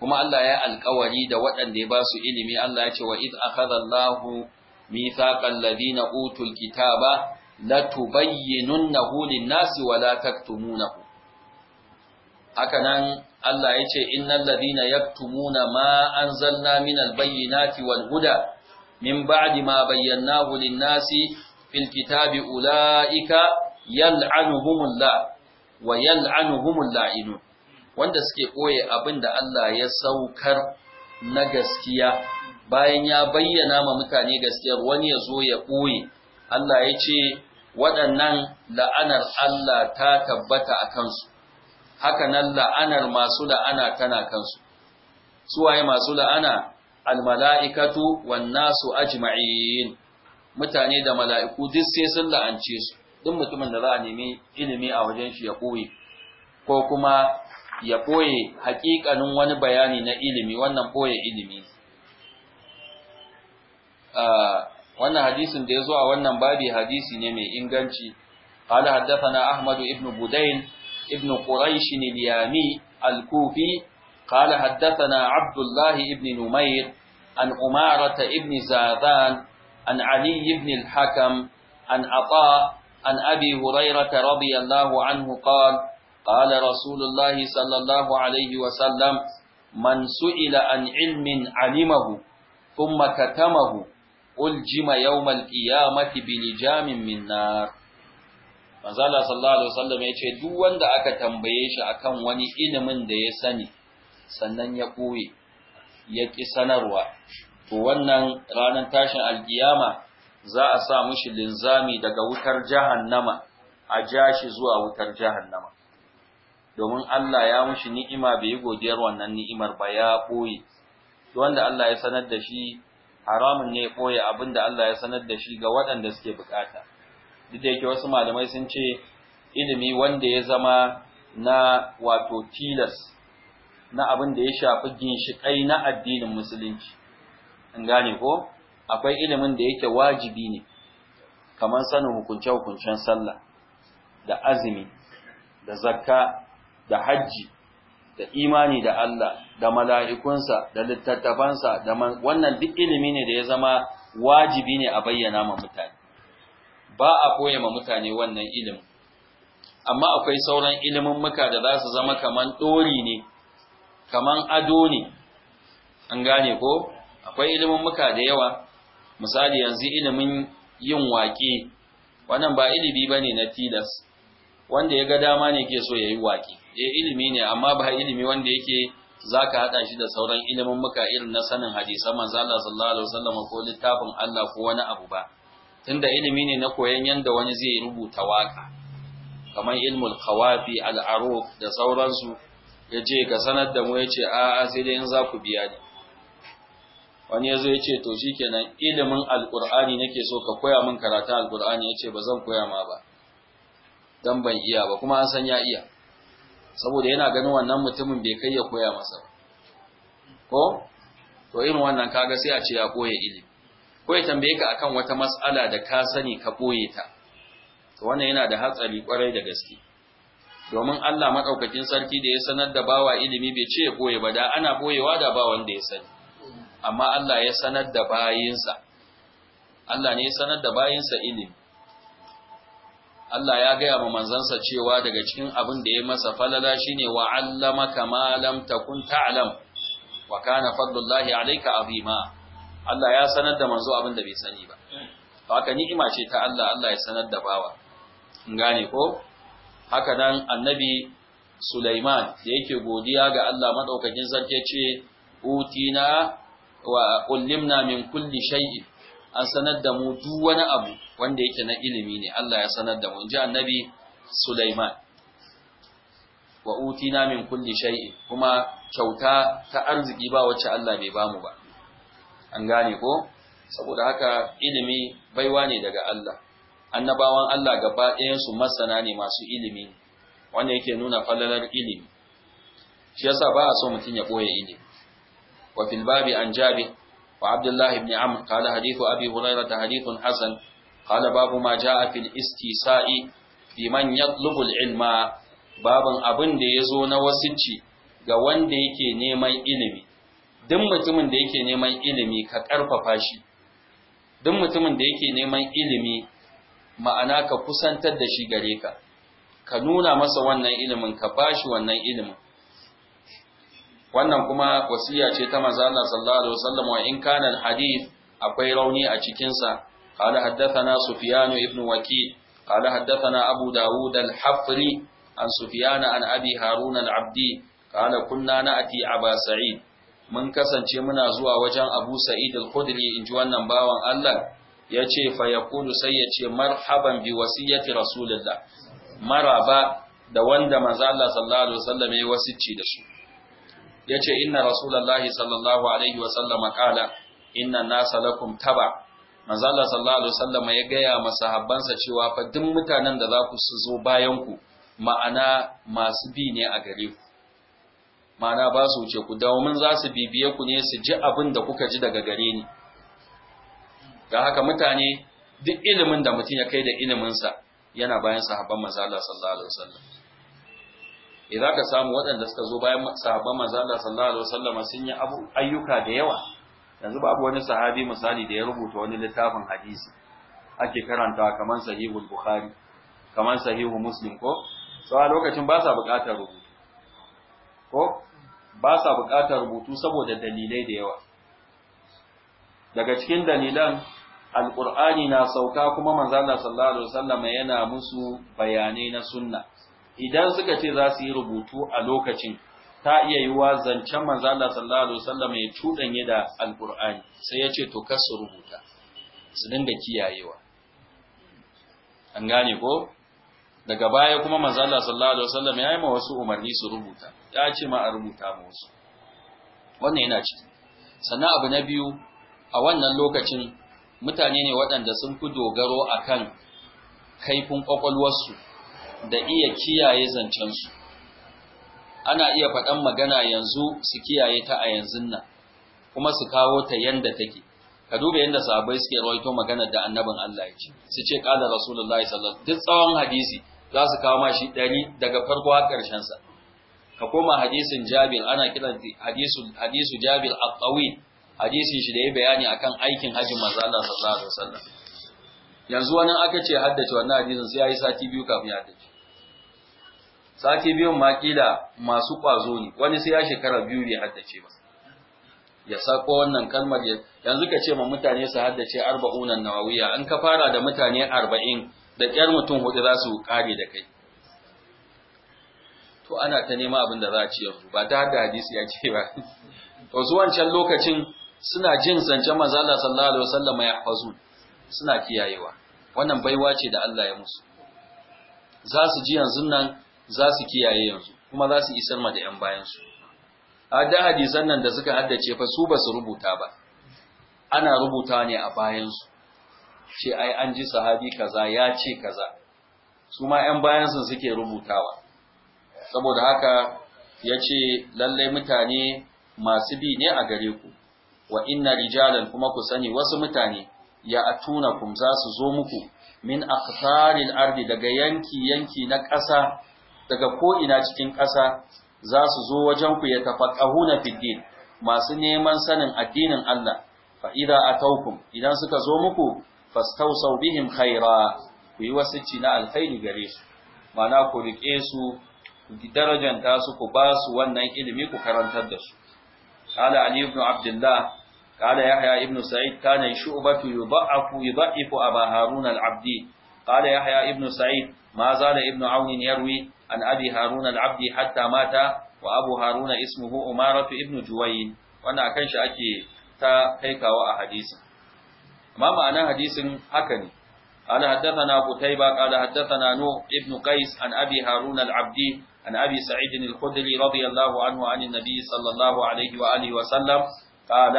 kuma Allah ya alkawari da waɗanda ya ba su ilimi Allah ya ce wa iz akhadallahu mithaqal ladina utul kitaba latubayyinunnahu lin-nasi wa la taktumunahu haka nan Allah ya ce innal ladina yaktumuna ma zanna minal bayyinati wal huda min ba'adi ma bayyana lin-nasi fil kitabi ulaika yal'anuhumullah wa yal'anuhumul la'inun wanda suke abin abinda Allah ya saukar na gaskiya bayan ya bayyana ma mutane gaskiyar wani ya zo ya ɓoye Allah ya ce waɗannan la'anar Allah ta tabbata a kansu haka nan la'anar masu la'ana tana kansu suwaye masu la'ana almala'ikatu wan nasu ajma'in mutane da mala'iku duk sai sun la'ance su duk mutumin da za a nemi ilimi a wajen shi ya koyi ko kuma ya ɓoye haƙiƙanin wani bayani na ilimi wannan ɓoye ilimi wannan hadisin da ya zo a wannan babi hadisi ne mai inganci قال حدثنا Ahmadu ibnu Budayn. ابن قريش اليامي الكوفي قال حدثنا عبد الله بن نمير عن عمارة بن زاذان عن علي بن الحكم عن عطاء عن أبي هريرة رضي الله عنه قال قال رسول الله صلى الله عليه وسلم من سئل عن علم علمه ثم كتمه ألجم يوم القيامة بلجام من نار manzo Allah sallallahu alaihi wasallam ya ce duk wanda aka tambaye shi akan wani ilimin da ya sani sannan ya koye ya ki sanarwa to wannan ranar tashin alkiyama za a sa mushi linzami daga wutar jahannama a ja shi zuwa wutar jahannama domin Allah ya mushi ni'ima bai yi godiyar wannan ni'imar ba ya koye wanda Allah ya sanar da shi haramun ne ya koya abin da Allah ya sanar da shi ga waɗanda suke bukata duk da yake wasu malamai sun ce ilimi wanda ya zama na wato tilas na abin da ya shafi ginshiƙai na addinin musulunci in gane ko akwai ilimin da yake wajibi ne kamar sanin hukunce-hukuncen sallah da azumi da zakka da hajji da imani da Allah da mala'ikunsa da littattafansa da wannan duk ilimi ne da ya zama wajibi ne a bayyana ma mutane ba a koya ma mutane wannan ilimin amma akwai sauran ilimin muka da za su zama kaman ɗori ne kaman ado ne an gane ko akwai ilimin muka da yawa misali yanzu ilimin yin waƙe wannan ba ilimi ba ne na tilas wanda ya ga dama ne ke so ya yi waƙe ya eh, ilimi ne amma ba ilimi wanda yake za ka haɗa shi da sauran ilimin muka irin na sanin hadisan manzo Allah sallallahu alaihi wasallam ko littafin Allah ko wani abu ba tunda ilimi ne na koyon yanda wani zai rubuta waka kamar ilmul kawafi al da sauransu yace ga sanar da mu yace a a sai dai in za ku biya ni wani yazo yace to shi shikenan ilimin alqur'ani nake so ka koya min karatun alqur'ani yace ba zan koya ma ba dan ban iya ba kuma an san ya iya saboda yana ganin wannan mutumin bai kai ya koya masa ko to irin wannan kaga sai a ce ya koya ilimi ko ya tambaye ka akan wata mas'ala da ka sani ka boye ta to wannan yana da hatsari kwarai da gaske domin Allah madaukakin sarki da ya sanar da bawa ilimi bai ce ya boye ba da ana boyewa da ba wanda ya sani amma Allah ya sanar da bayinsa Allah ne ya sanar da bayinsa ilimi Allah ya gaya ma manzansa cewa daga cikin abin da ya masa falala shine wa allama kama lam takun ta'lam wa kana fadlullahi alayka azima Allah ya sanar da manzo abin da bai sani ba haka ni'ima ce ta Allah Allah ya sanar da bawa in gane ko haka nan annabi Sulaiman da yake godiya ga Allah madaukakin sarki ce utina wa ullimna min kulli shay'in an sanar da mu duk wani abu wanda yake na ilimi ne Allah ya sanar da mu inji annabi Sulaiman wa utina min kulli shay'in kuma kyauta ta arziki ba wacce Allah bai bamu ba an gane ko saboda haka ilimi baiwa ne daga Allah annabawan Allah gaba ɗayansu masana ne masu ilimi wanda yake nuna falalar ilimi shi yasa ba a so mutum ya ɓoye ilimi wa fil babi an jabi wa abdullah ibn amr qala hadithu abi hurairah hadithun hasan qala babu ma jaa fil istisai fi man yatlubu al ilma baban abin da yazo na wasici ga wanda yake neman ilimi duk mutumin da yake neman ilimi ka ƙarfafa shi duk mutumin da yake neman ilimi ma'ana ka kusantar da shi gare ka ka nuna masa wannan ilimin ka shi wannan ilimin wannan kuma wasiya ce ta manzo Allah sallallahu alaihi wasallam wa in kana alhadith akwai rauni a cikin sa qala haddathana sufyan ibn waki qala haddathana abu daud al-hafri an sufyan an abi harun al-abdi qala kunna na'ti aba sa'id mun kasance muna zuwa wajen Abu Sa'id al-Khudri ji wannan bawan Allah yace fa yaqulu sai ya ce marhaban bi wasiyati rasulillah maraba da wanda manzo Allah sallallahu alaihi wasallam ya wasicci da su yace inna rasulullahi sallallahu alaihi wasallam qala inna nasa lakum taba manzo Allah sallallahu alaihi wasallam ya gaya masahabbansa cewa fa duk mutanen da za ku su zo bayan ku ma'ana masu bi ne a gare ku ma'ana ba su wuce ku domin za su bibiye ku ne su ji abin da kuka ji daga gare ni da haka mutane duk ilimin da mutum ya kai da iliminsa yana bayan sahabban manzo Allah sallallahu alaihi wasallam idan ka samu waɗanda suka zo bayan sahabban manzo Allah sallallahu alaihi wasallam sun yi abu ayyuka da yawa yanzu babu wani sahabi misali da ya rubuta wani littafin hadisi ake karanta kaman sahihul bukhari kaman sahihu muslim ko so a lokacin ba sa buƙatar rubutu ko ba sa buƙatar rubutu saboda dalilai da yawa daga cikin dalilan alƙur'ani na sauka kuma manzala sallallahu alaihi wasallam yana musu bayanai na sunna idan suka ce za su yi rubutu a lokacin ta iya yi yiwa zancen manzala sallallahu alaihi wasallam ya cudanye da alƙur'ani sai ya ce to kar su rubuta su dinga kiyayewa an gane ko daga baya kuma manzala sallallahu alaihi wasallam ya yi ma wasu umarni su rubuta ya ce ma a rubuta ma wasu wannan yana ciki sannan abu na biyu a wannan lokacin mutane ne waɗanda sun fi dogaro a kan kaifin ƙwaƙwalwarsu da iya kiyaye zancensu ana iya faɗan magana yanzu su kiyaye ta a yanzu nan kuma su kawo ta yanda take ka duba yanda sahabbai suke rawaito magana da annabin Allah ya ce su ce qala rasulullahi sallallahu alaihi wasallam duk tsawon hadisi za su kawo mashi ɗari daga farko har ƙarshen sa ka koma hadisin Jabir ana kiran hadisu hadisu Jabir al tawil hadisin shi da ya bayani akan aikin haji manzo Allah sallallahu alaihi wasallam yanzu wani aka ce haddace wannan hadisin sai yayi sati biyu kafin ya haddace sati biyun ma kila masu kwazo ne wani sai ya shekara biyu bai haddace ba ya sako wannan kalmar yanzu ka ce ma mutane su haddace arba'unan nawawiya an ka fara da mutane arba'in da ƙyar mutum hudu za su kare da kai to ana ta nema abin da za a ci yanzu ba ta da hadisi ya ce ba to zuwancan lokacin suna jin zancen mazala sallallahu alaihi wasallam ya hafazu suna kiyayewa wannan baiwa ce da Allah ya musu za su ji yanzu nan za su kiyaye yanzu kuma za su isar ma da yan bayan su a da hadisan nan da suka haddace fa su ba su rubuta ba ana rubuta ne a bayan su ce ai an ji sahabi kaza ya ce kaza su ma yan bayan su suke rubutawa saboda haka ya ce lallai mutane masu bi ne a gare ku wa inna rijalan kuma ku sani wasu mutane ya atuna kum za su zo muku min tsarin ardi daga yanki yanki na ƙasa daga ko'ina cikin ƙasa za su zo wajen ku ya ƙahu na din masu neman sanin addinin Allah Fa'ida a taukun idan suka zo muku sau bihim kaira, ku yi wasu na alkhairi gare su mana ku riƙe su ku darajanta su ku ba su wannan ilimi ku karantar da su qala ali ibn abdullah kala yahya ibn sa'id kana shu'batu yudha'afu yudha'ifu aba harun al-abdi qala yahya ibn sa'id ma zala ibn aun yarwi an abi harun al-abdi hatta mata wa abu harun ismuhu umaratu ibn juwayn wannan akan shi ake ta kai kawo a hadisi amma ma'anar hadisin haka ne قال حدثنا قتيبة قال حدثنا نوح ابن قيس عن أبي هارون العبدي عن أبي سعيد الخدري رضي الله عنه عن النبي صلى الله عليه وآله وسلم قال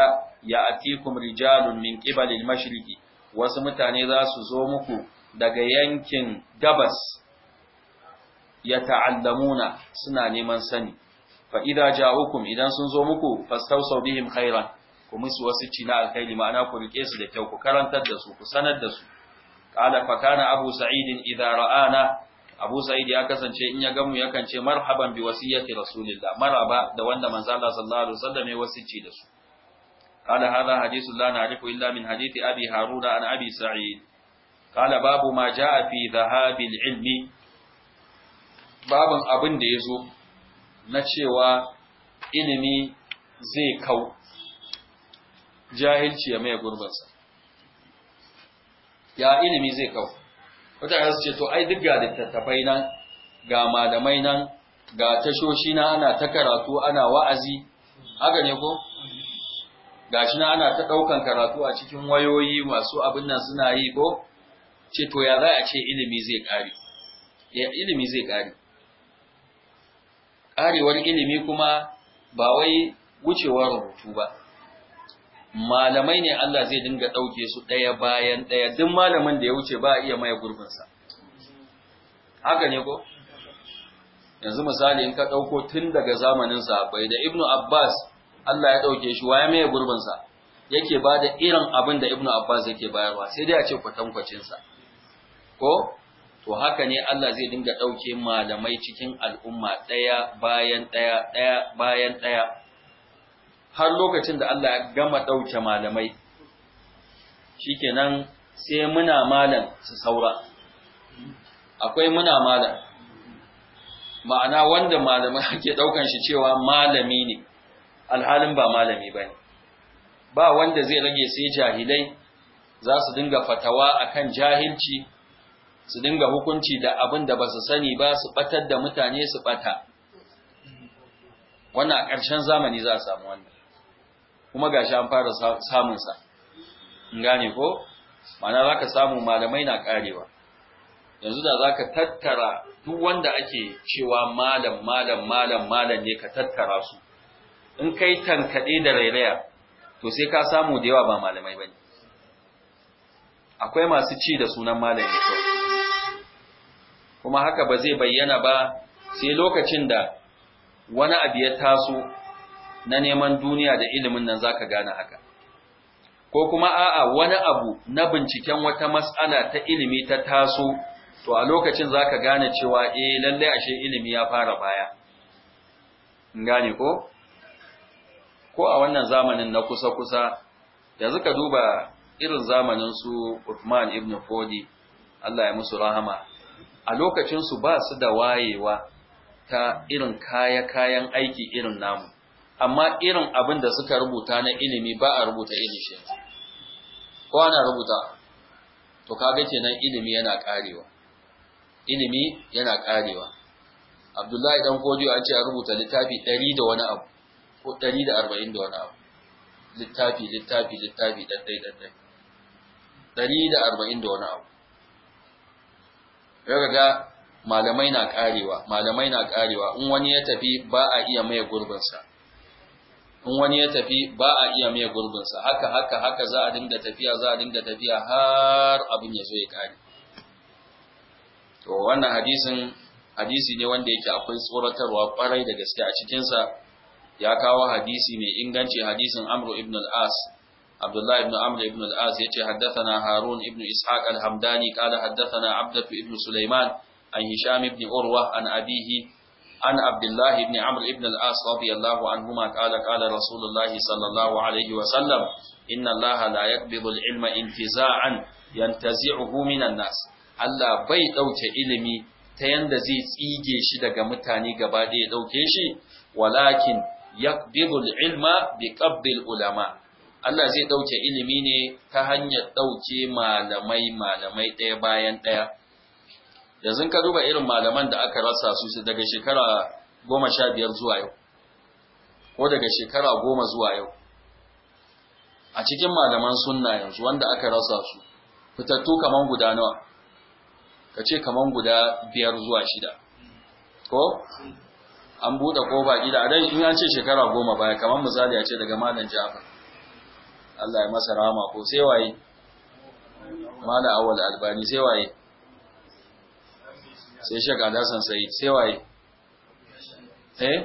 يأتيكم رجال من قبل المشرق وسمتاني ذاس زومكو daga yankin gabas ya ta'allamuna suna neman sani fa idza ja'ukum idan sun zo muku fastausaw bihim khairan ku musu wasu ci na alkhairi ma'ana ku rike su da kyau ku karantar da su ku sanar da su qala fa kana abu sa'id idza ra'ana Abu Sa'id ya kasance in ya gamu yakan ce marhaban bi wasiyyati Rasulillah maraba da wanda manzo Allah sallallahu alaihi wasallam ya wasici da su قال هذا حديث لا نعرفه إلا من حديث أبي هارون عن أبي سعيد قال باب ما جاء في ذهاب العلم باب أبن na cewa ilimi zai kau jahilci ya mai gurbansa. ya ilimi zai kau mutane su ce to ai duk ga littattafai nan ga malamai nan ga tashoshi na ana ta karatu ana wa'azi haka ne ko gashi na ana ta daukan karatu a cikin wayoyi masu abin nan suna yi ko ce to ya za a ce ilimi zai kare ya ilimi zai kare karewar ilimi kuma ba wai wucewar rubutu ba malamai ne Allah zai dinga ɗauke su ɗaya bayan ɗaya duk malamin da ya wuce ba a iya maye gurbinsa haka ne ko yanzu misali in ka ɗauko tun daga zamanin sa, bai da ibnu abbas Allah ya ɗauke shi waye maye gurbinsa yake ba da irin abin da ibnu abbas yake bayarwa sai dai a ce kwatankwacinsa ko to haka ne Allah zai dinga ɗauke malamai cikin al'umma ɗaya bayan ɗaya ɗaya bayan ɗaya har lokacin da Allah ya gama ɗauke malamai shi nan sai muna malam su saura akwai muna malam ma'ana wanda malamai ake ɗaukan shi cewa malami ne alhalin ba malami ba ne ba wanda zai rage sai jahilai za su dinga fatawa akan jahilci su dinga hukunci da abin da ba su sani ba su batar da mutane su bata wannan a ƙarshen zamani za a samu wannan kuma gashi an fara samunsa in gane ko mana za ka samu malamai na karewa yanzu da za ka tattara duk wanda ake cewa malam malam malam malam ne ka tattara su in kai tankaɗe da rairaya to sai ka samu da yawa ba malamai ba akwai masu ci da sunan malami kawai kuma haka ba zai bayyana ba sai lokacin da wani abu ya taso na neman duniya da ilimin nan zaka gane haka ko kuma a'a wani abu na binciken wata mas'ala ta ilimi ta taso to a lokacin zaka gane cewa eh lalle ashe ilimi ya fara baya gane ko ko a wannan zamanin na kusa-kusa yanzu ka duba irin zamanin su Uthman ibn Fodi Allah ya musu rahama a lokacin su ba su da wayewa ta irin kaya kayan aiki irin namu amma irin abin da suka rubuta na ilimi ba a rubuta ilimi ko ana rubuta to kaga kenan ilimi yana karewa ilimi yana karewa Abdullahi dan Kodiyo an ce a rubuta littafi 100 da wani abu ko 140 da wani abu littafi littafi littafi dan dai dan dai 140 da wani abu ga malamai na karewa malamai na karewa in wani ya tafi ba a iya maye gurbinsa in wani ya tafi ba a iya mai gurbinsa haka haka haka za a dinga tafiya za a dinga tafiya har abin ya zo ya kare to wannan hadisin hadisi ne wanda yake akwai tsoratarwa kwarai da gaske a cikinsa ya kawo hadisi mai inganci hadisin amru ibn al-as abdullahi ibn amr ibn al-as yace haddathana harun ibn ishaq al-hamdani qala haddathana abdatu ibn sulaiman an hisham ibn urwa an abihi عن عبد الله بن عمرو بن العاص رضي الله عنهما قال قال رسول الله صلى الله عليه وسلم إن الله لا يقبض العلم انتزاعا ينتزعه من الناس Allah bai ɗauke ilimi ta yanda zai tsige shi daga mutane gaba ɗaya ɗauke shi, walakin yaqbidul ilma bi qabdil ulama. Allah zai ɗauke ilimi ne ta hanyar ɗauke malamai malamai ɗaya bayan ɗaya. yanzu ka duba irin malaman da aka rasa su daga shekara goma sha biyar zuwa yau ko daga shekara goma zuwa yau a cikin malaman sunna yanzu wanda aka rasa su fitattu kaman guda nawa ka ce kaman guda biyar zuwa shida ko an buɗe ƙofa gida dai in an ce shekara goma baya kaman misali a ce daga malam jafar Allah ya masa rama ko sai waye malam awal albani sai waye sai shek adasan sai sai waye eh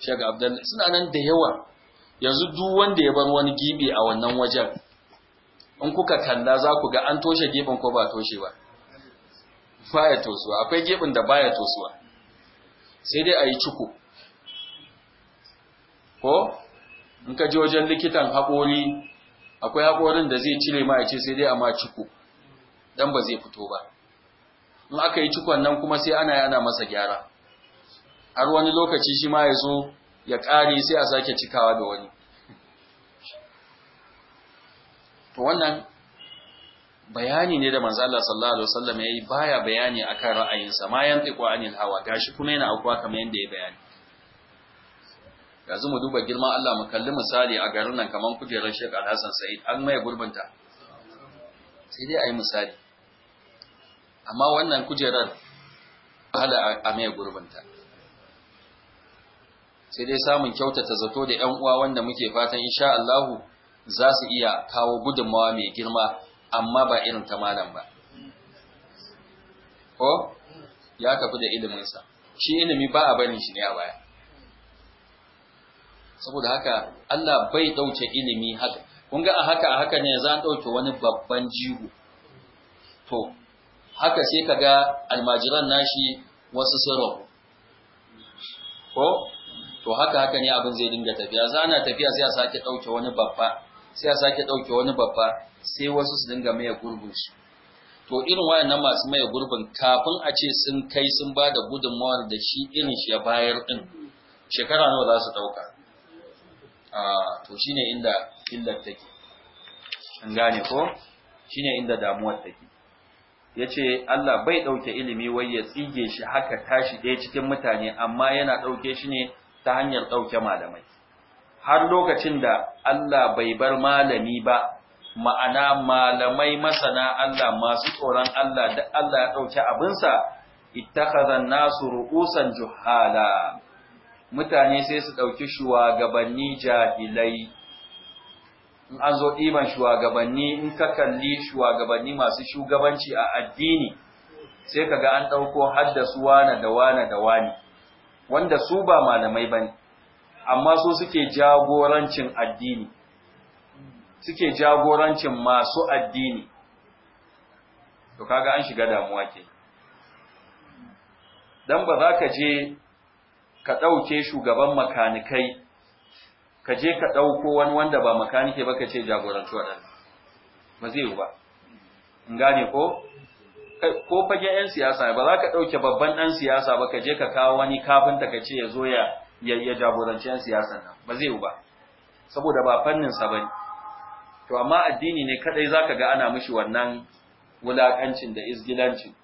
shek Abdullahi. suna nan da yawa yanzu duk wanda ya bar wani gibi a wannan wajen in kuka kalla za ku ga an toshe gefen ko ba toshe ba baya tosuwa akwai gefen da baya tosuwa sai dai a yi cuku ko in ka ji wajen likitan haƙori akwai haƙorin da zai cire ma ya ce sai dai a ma cuku dan ba zai fito ba in aka yi cikon nan kuma sai ana yana masa gyara har wani lokaci shi ma ya zo ya ƙari sai a sake cikawa da wani to wannan bayani ne da manzo Allah sallallahu alaihi wasallam yayi baya bayani akan ra'ayinsa ma yantiqu anil hawa gashi kuma yana akwa kamar yanda ya bayani yanzu mu duba girman Allah mu kalli misali a garin nan kamar kujerar Sheikh Al-Hassan Said an maye gurbinta sai dai ayi misali amma wannan kujerar wahala a mai gurbinta sai dai samun kyautata zato da ‘yan uwa wanda muke fatan insha Allahu za su iya kawo gudunmawa mai girma amma ba irin ta malam ba ko ya tafi da iliminsa shi ilimi ba a barin shi ne a baya saboda haka Allah bai ɗauke ilimi haka kun ga a haka a haka ne za a ɗauke wani babban jihu to haka sai ka ga almajiran nashi wasu sirop ko to haka haka ne abin zai dinga tafiya za ana tafiya sai a sake ɗauke wani babba sai a sake ɗauke wani babba sai wasu su dinga maye gurbin shi to irin wayannan masu maye gurbin kafin a ce sun kai sun ba da gudunmawar da shi irin shi ya bayar din shekara nawa za su ɗauka to shine inda illar take an gane ko shine inda damuwar take ya ce Allah bai ɗauke ilimi wai ya tsige shi haka tashi ɗaya cikin mutane amma yana ɗauke shi ne ta hanyar ɗauke malamai har lokacin da Allah bai bar malami ba ma'ana malamai masana Allah masu tsoron Allah da Allah ya ɗauke abinsa ittakhadhan nasu ru'usan juhala mutane sai su ɗauki shugabanni jahilai in an zo ɗiban shugabanni in ka kalli shugabanni masu shugabanci a addini sai ka ga an ɗauko haddasu wane da wane da wani wanda su ba malamai ba ne amma su suke jagorancin addini suke jagorancin masu addini to kaga an shiga damuwa ke dan ba za ka je ka ɗauke shugaban makanikai ka je ka ɗauko wani wanda ba makanike ba ka ce jagoranci waɗanda ba zai ba in gane ko ko fage 'yan siyasa ba za ka ɗauke babban ɗan siyasa ba ka je ka kawo wani kafin ta ka ce ya zo ya yayya jagoranci 'yan siyasa nan ba zai ba saboda ba fannin sa bane to amma addini ne kadai zaka ga ana mishi wannan wulakancin da izgilancin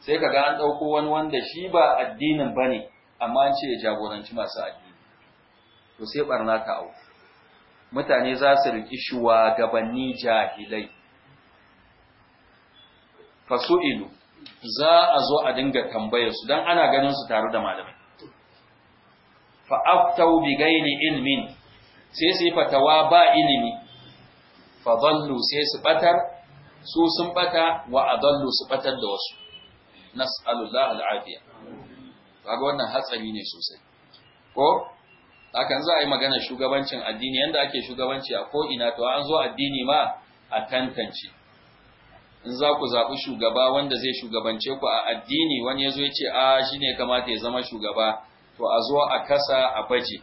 sai ka ga an dauko wani wanda shi ba addinin bane amma an ce ya jagoranci masu addini to sai barna ta au mutane za su riki shugabanni jahilai fasu'ilu za a zo a dinga tambayar su dan ana ganin su tare da malamai fa aftau bi gaini ilmin sai su fatawa ba ilimi fa dallu sai su batar su sun bata wa adallu su batar da wasu nas'alullah al'afiya kaga wannan hatsari ne sosai ko Hakan za a yi magana shugabancin addini yanda ake shugabanci a ko'ina to an zo addini ma a tantance. In za ku zaɓi shugaba wanda zai shugabance ku a addini wani ya zo ya ce, a ah, shi ne kamata ya zama shugaba, to a zo a kasa a baje.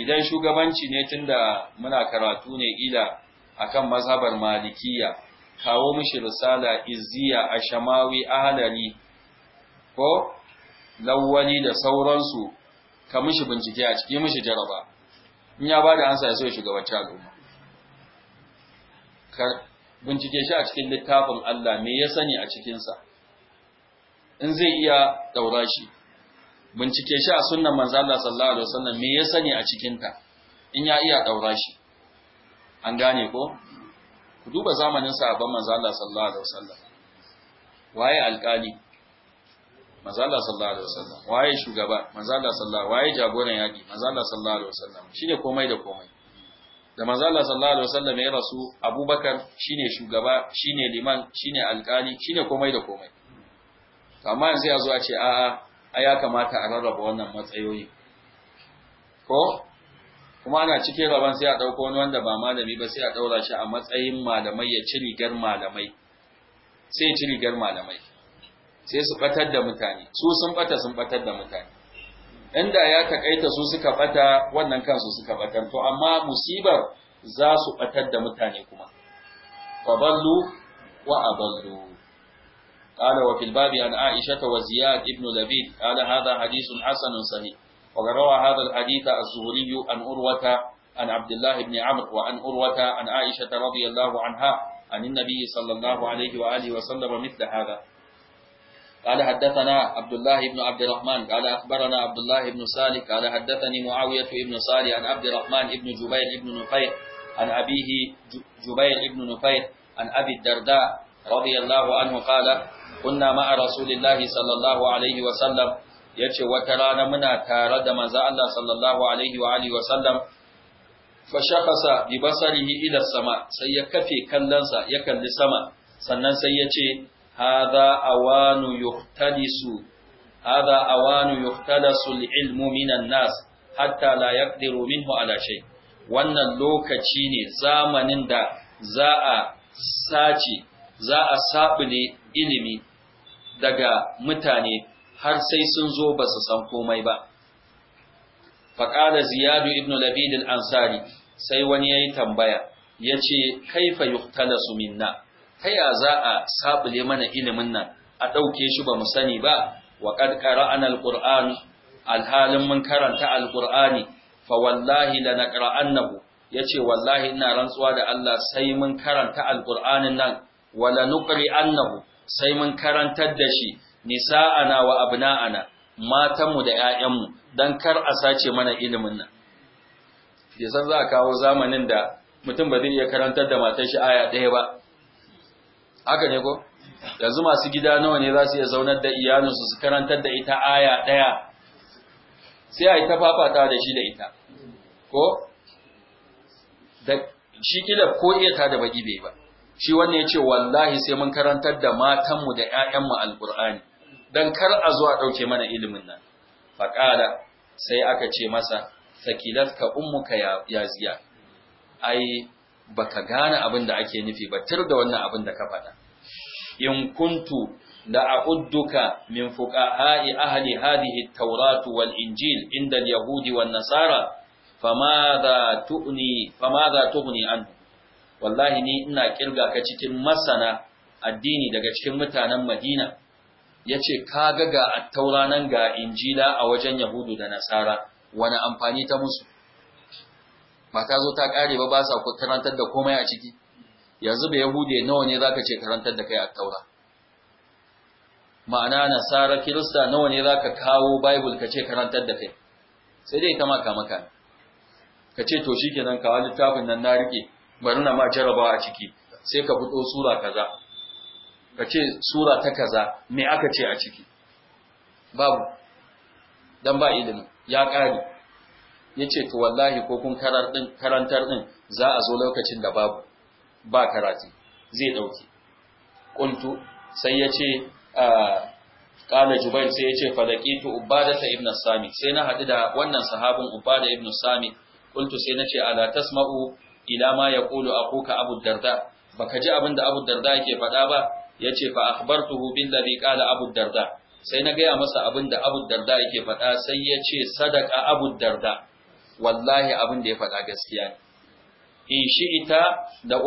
Idan shugabanci ne tunda muna karatu ne ila akan mazhabar malikiya, kawo mishi risala izziya a shamawi ahalari ko lawwali da sauransu ka mishi bincike a ciki mishi jaraba in ya bada ansa ya so ya al'umma ka bincike shi a cikin littafin Allah me ya sani a cikinsa in zai iya daura shi bincike shi a sunnan manzo Allah sallallahu alaihi wasallam me ya sani a cikinta in ya iya daura shi an gane ko ku duba zamanin sahabban manzo Allah sallallahu alaihi wasallam waye alƙali manzo Allah sallallahu alaihi wasallam waye shugaba manzo Allah sallallahu waye jagoran yaki manzo Allah sallallahu alaihi wasallam shine komai da komai da manzo Allah sallallahu alaihi wasallam ya rasu Abubakar shine shugaba shine liman shine alkali shine komai da komai amma yanzu ya zo a ce a'a a ya kamata a rarraba wannan matsayoyi ko kuma ana cikin raban sai a dauko wani wanda ba malami ba sai a ɗaura shi a matsayin malamai ya ci rigar malamai sai ya ci rigar malamai sai su batar da mutane su sun bata sun batar da mutane inda ya takaita su suka bata wannan kansu suka batar to amma musibar za su batar da mutane kuma faballu wa aballu قال وفي الباب عن عائشة وزياد ابن لبيد قال هذا حديث حسن صحيح وقد روى هذا الحديث الزهري عن أروة عن عبد الله بن عمرو وعن أروة عن عائشة رضي الله عنها عن النبي صلى الله عليه وآله وسلم مثل هذا قال حدثنا عبد الله بن عبد الرحمن قال أخبرنا عبد الله بن صالح قال حدثني معاوية بن صالح عن عبد الرحمن بن جبير بن نفير عن أبيه جبير بن نفير عن أبي الدرداء رضي الله عنه قال كنا مع رسول الله صلى الله عليه وسلم yace wata rana muna tare da manzo Allah sallallahu alaihi wa alihi wa sallam fa shafasa bi basarihi ila sama sai ya kafe kallansa ya kalli sama sannan sai yace هذا أوان يختلس هذا أوان يختلس العلم من الناس حتى لا يقدر منه على شيء wannan lokaci ne zamanin da za a sace za a sabule ilimi daga mutane har sai sun zo ba su san komai ba faƙada ziyadu ibn labid al-ansari sai wani yayi tambaya yace kaifa yuhtalasu minna ta ya za a sabule mana ilimin nan a ɗauke shi ba mu sani ba wa qad an alquran alhalin mun karanta alqurani fa wallahi annahu yace wallahi ina rantsuwa da Allah sai mun karanta alqur'anin nan wa wala nuqri'annahu sai mun karantar da shi nisa'ana wa abna'ana matanmu da mu dan kar a sace mana ilimin nan. Bai san za a kawo zamanin da mutum ba zai iya karantar da matar shi aya ɗaya ba, haka ne ko yanzu masu gida nawa ne za su iya zaunar da iyalinsu su karantar da ita aya ɗaya sai a yi ta fafata da shi da ita ko da shi kila ko iya ta da baki bai ba shi wanne ya ce wallahi sai mun karantar da matanmu da ‘ya'yanmu alƙur'ani don kar a zuwa ɗauke mana ilimin nan Faƙara, sai aka ce masa sakilat ka ummuka ya ziya ai baka gane abin da ake nufi ba tur da wannan abin da ka faɗa in kuntu la a'udduka min fuqaha'i ahli hadhihi at-tauratu wal injil inda al-yahudi wan nasara famadha tu'ni famadha tughni anhu wallahi ni ina kirga ka cikin masana addini daga cikin mutanen Madina yace kaga ga at-taura nan ga injila a wajen yahudu da nasara wani amfani ta musu ba ta zo ta kare ba ba sa karantar da komai a ciki yanzu ba yahude nawa ne zaka ce karantar da kai a taura ma'ana nasara kirista nawa ne zaka kawo bible ka ce karantar da kai sai dai ta maka maka ka ce to shikenan kawo littafin nan na rike bari na ma jarabawa a ciki sai ka fito sura kaza ka ce sura ta kaza me aka ce a ciki babu dan ba ilimin ya kare yace to wallahi ko kun karar din karantar din za a zo lokacin da babu ba karatu zai dauke qultu sai yace kana jubair sai yace falaqitu ubadata ibn sami. sai na hadu da wannan sahabin ubada ibn sami. qultu sai nace ala tasma'u ila ma yaqulu akuka abu darda baka ji abin da abu darda yake faɗa ba yace fa akhbartuhu ladhi qala abu darda sai na gaya masa abinda da abu darda yake faɗa sai yace sadaka abu darda wallahi abin da ya faɗa gaskiya ne in shi'ita da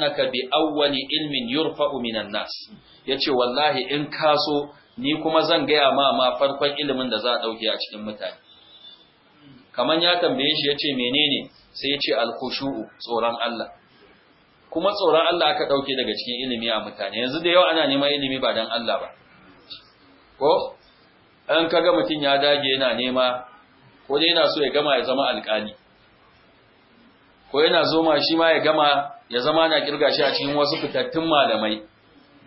naka bi awwali ilmin yurfa'u minan nas yace wallahi in kaso ni kuma zan gaya ma ma farkon ilimin da za a dauke a cikin mutane kaman ya tambaye shi yace menene sai yace al-khushu'u tsoron Allah kuma tsoron Allah aka ɗauke daga cikin ilimi a mutane yanzu da yau ana neman ilimi ba dan Allah ba ko an kaga mutum ya dage yana nema ko dai yana so ya gama ya zama alƙali ko yana ma shi ma ya gama ya zama na kirga shi a cikin wasu fitattun malamai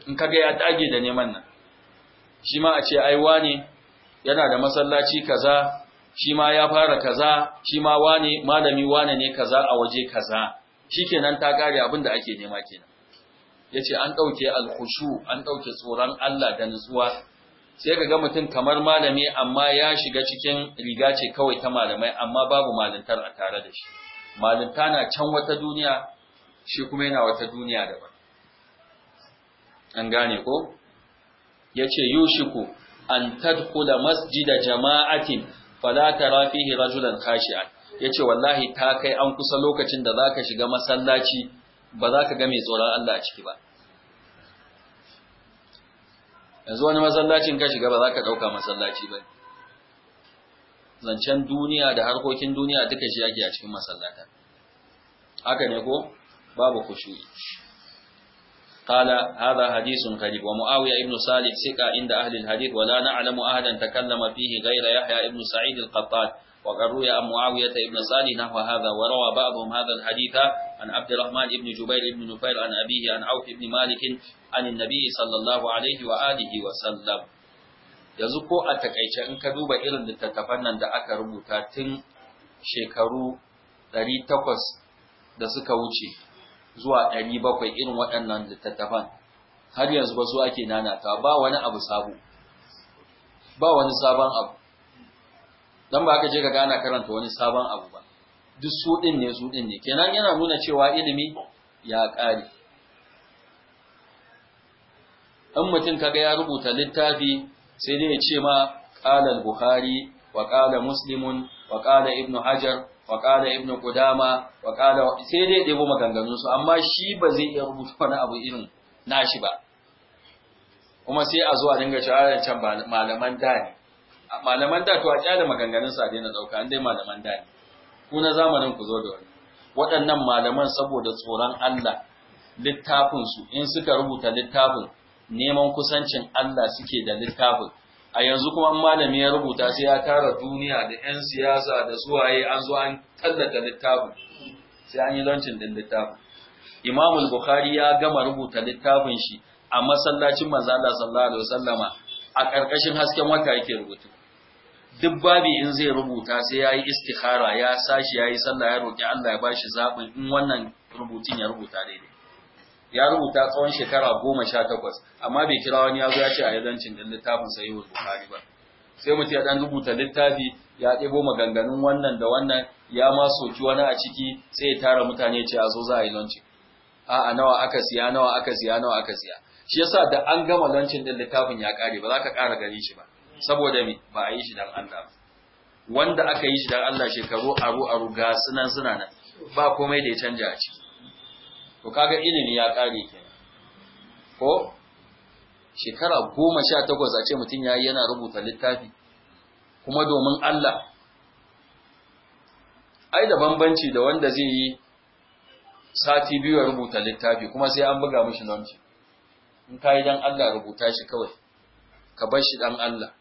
in kaga ya dage da neman nan shi ma a ce ai wane yana da masallaci kaza shi ma ya fara kaza shi ma wane malami wane ne kaza a waje kaza shikenan ta kare abin da ake nema kenan yace an dauke alkhushu an dauke tsoron Allah da nutsuwa sai ka ga mutum kamar malami amma ya shiga cikin riga ce kawai ta malamai amma babu malintar a tare da shi malinta na can wata duniya shi kuma yana wata duniya daban an gane ko yace yushiku an tadkhula masjida jama'atin fala tara fihi rajulan khashi'an yace wallahi ta kai an kusa lokacin da zaka shiga masallaci ba za ka ga mai tsoron Allah a ciki ba yanzu wani masallacin ka shiga ba za ka ɗauka masallaci ba zancen duniya da harkokin duniya duka shi ake a cikin masallata haka ne ko babu kushuyi قال هذا حديث غريب ومعاوية ابن صالح ثقة عند أهل الحديث ولا نعلم أحدا تكلم فيه غير يحيى ابن سعيد القطان وقد روي عن معاوية ابن صالح نحو هذا وروى بعضهم هذا الحديث عن عبد الرحمن بن جبير بن نفيل عن أبيه عن عوف بن مالك anin nabi sallallahu alaihi wa alihi wa sallam yanzu ko a takaice in ka duba irin littattafan nan da aka rubuta tun shekaru 800 da suka wuce zuwa 700 irin waɗannan littattafan har yanzu ba su ake nanata ba wani abu sabo ba wani sabon abu dan ba ka je ka gana karanta wani sabon abu ba duk su din ne su din ne kenan yana nuna cewa ilimi ya ƙare in mutum kaga ya rubuta littafi sai dai ya ce ma qala al-bukhari wa qala muslimun wa qala ibnu hajar wa qala ibnu qudama wa qala sai dai debo maganganun su amma shi ba zai iya rubuta wani abu irin nashi ba kuma sai a zo a dinga shawarar can malaman da ne malaman da to a kyale maganganun sa dai na dauka an dai malaman da ne ku na zamanin ku zo da wani waɗannan malaman saboda tsoron Allah littafin su in suka rubuta littafin neman kusancin Allah suke da littafin a yanzu kuma malami ya rubuta sai ya tara duniya da 'yan siyasa da suwaye an zo an tallata littafin sai an yi lancin din littafin Imam Bukhari ya gama rubuta littafin shi a masallacin manzo Allah sallallahu alaihi wasallama a ƙarƙashin hasken wata yake rubutu duk babi in zai rubuta sai yayi istikhara ya sashi yayi sallah ya roki Allah ya bashi zabin in wannan rubutun ya rubuta daidai ya rubuta tsawon shekara goma sha takwas amma bai kira wani ya zo ya ce a yadancin din littafin yi bukari ba sai mutum ya dan rubuta littafi ya ɗebo maganganun wannan da wannan ya ma soki wani a ciki sai ya tara mutane ce a zo za a yi a a'a nawa aka siya nawa aka siya nawa aka siya shi yasa da an gama lancin din littafin ya kare ba za ka ƙara gani shi ba saboda me ba a yi shi dan Allah wanda aka yi shi dan Allah shekaru aru aru ga sunan suna ba komai da ya canja a ciki to kaga ilimi ya ƙare kenan ko shekara goma sha takwas a ce mutum ya yi yana rubuta littafi kuma domin Allah ai da bambanci da wanda zai yi sati biyu ya rubuta littafi kuma sai an buga mishi namci in ka yi dan Allah rubuta shi kawai ka bar shi dan Allah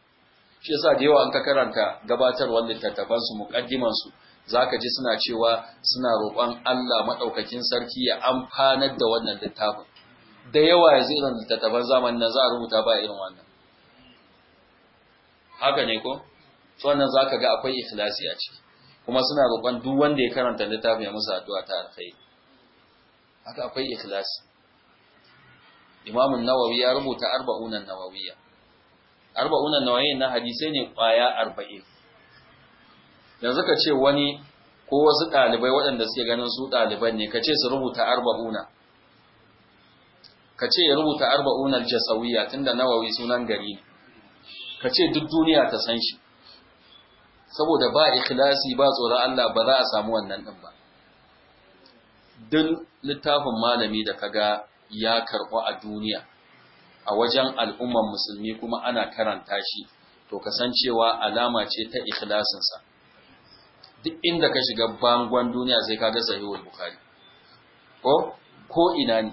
shi yasa da yawa an ka karanta gabatarwar littattafansu muƙaddimansu zaka ji suna cewa suna roƙon Allah madaukakin sarki ya amfanar da wannan littafin da yawa yanzu irin littattafan zamanin nan za a rubuta ba irin wannan haka ne ko to wannan zaka ga akwai ikhlasi a ciki kuma suna roƙon duk wanda ya karanta littafin ya musu addu'a ta alkhairi haka akwai ikhlasi Imam Nawawi ya rubuta arba'unan nawawiyya arba'unan nawawiyya na hadisai ne kwaya arba'in yanzu ka ce wani ko wasu ɗalibai waɗanda suke ganin su ɗaliban ne ka ce su rubuta arba'una ka ce ya rubuta arba'una jasawiya tunda nawawi sunan gari ne. ka ce duk duniya ta san shi saboda ba ikhlasi ba tsoron Allah ba za a samu wannan ɗin ba duk littafin malami da ka ga ya karɓo a duniya a wajen al'ummar musulmi kuma ana karanta shi to kasancewa alama ce ta ikhlasinsa duk inda ka shiga bangon duniya sai ka ga sahihul bukhari ko ko ina ne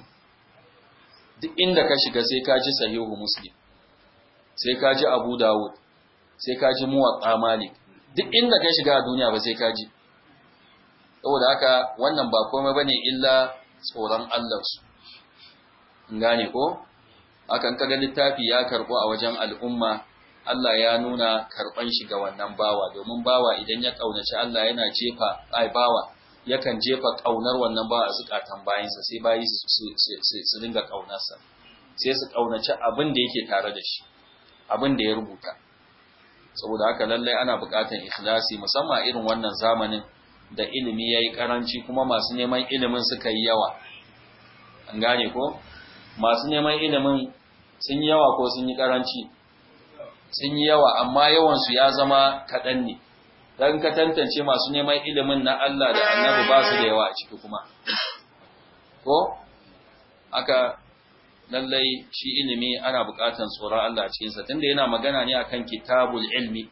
duk inda ka shiga sai ka ji sahihu muslim sai ka ji abu dawud sai ka ji muwatta malik duk inda ka shiga a duniya ba sai ka ji saboda haka wannan ba komai bane illa tsoron Allah su gane ko akan kaga littafi ya karbo a wajen al'umma Allah ya nuna karɓan shi ga wannan bawa domin bawa idan ya kaunaci Allah yana jefa ai bawa yakan jefa ƙaunar wannan bawa a zukatan bayinsa sai bayi su dinga ƙaunarsa, sai su kaunaci abin da yake tare da shi abin da ya rubuta saboda haka lallai ana buƙatar ikhlasi musamman irin wannan zamanin da ilimi yayi karanci kuma masu neman ilimin suka yi yawa an gane ko masu neman ilimin sun yawa ko sun yi karanci sun yi yawa amma yawansu ya zama kaɗan ne don ka tantance masu neman ilimin na Allah da annabi ba su da yawa a ciki kuma ko aka lallai shi ilimi ana buƙatar tsoron Allah a cikinsa tunda yana magana ne akan kitabul ilmi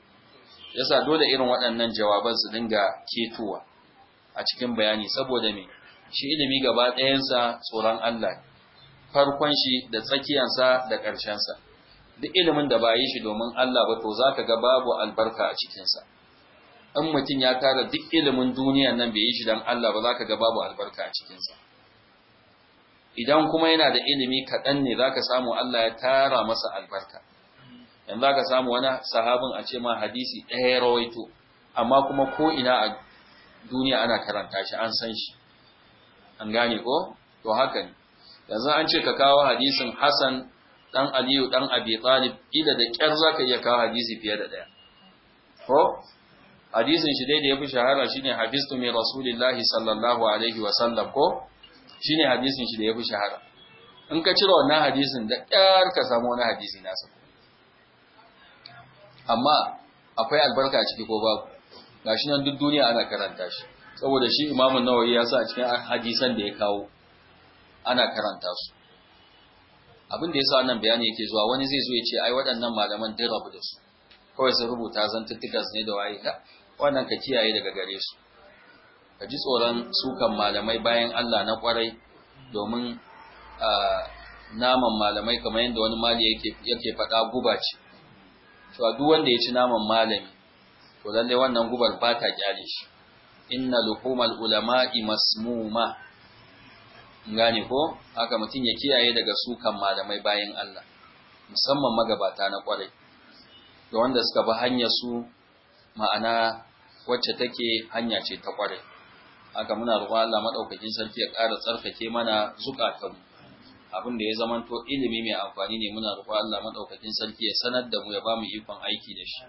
yasa dole irin waɗannan jawaban su dinga ketuwa a cikin bayani saboda me shi ilimi gaba ɗayansa tsoron Allah farkon shi da tsakiyansa da ƙarshensa duk ilimin da ba yi shi domin Allah ba to zaka ga babu albarka a cikinsa in mutum ya tara duk ilimin duniya nan bai yi shi don Allah ba zaka ga babu albarka a cikinsa idan kuma yana da ilimi kaɗan ne zaka samu Allah ya tara masa albarka yanzu zaka samu wani sahabin a ce ma hadisi ɗaya rawaito amma kuma ko ina a duniya ana karanta shi an san shi an gane ko to haka ne yanzu an ce ka kawo hadisin Hassan dan Aliyu dan Abi Talib ila da kyar zaka iya kawo hadisi fiye da daya ko hadisin shi dai da yafi shahara shine hadisu mai Rasulullahi sallallahu alaihi wa sallam ko shine hadisin shi da yafi shahara in ka cire wannan hadisin da kyar ka samu wani hadisi nasa amma akwai albarka ciki ko babu gashi nan duk duniya ana karanta shi saboda shi imamun nawawi ya sa cikin hadisan da ya kawo ana karanta su abin da yasa wannan bayani yake zuwa wani zai zo ya ce ai waɗannan malaman duk rabu da su kawai sun rubuta zantuttukan su ne da waye ka wannan ka kiyaye daga gare su ka ji tsoron sukan malamai bayan Allah na kwarai domin naman malamai kamar yadda wani mali yake faɗa guba ce cewa duk wanda ya ci naman malami to lalle wannan gubar ba ta kyale shi inna luhumal ulama'i masmuma gane ko haka mutum ya kiyaye daga su kan malamai bayan Allah musamman magabata na kwarai da wanda suka bi hanyar su ma'ana wacce take hanya ce ta kwarai haka muna roƙon Allah madaukakin sarki ya ƙara tsarkake mana zukatan abin da ya zamanto ilimi mai amfani ne muna roƙon Allah madaukakin sarki ya sanar da mu ya bamu ikon aiki da shi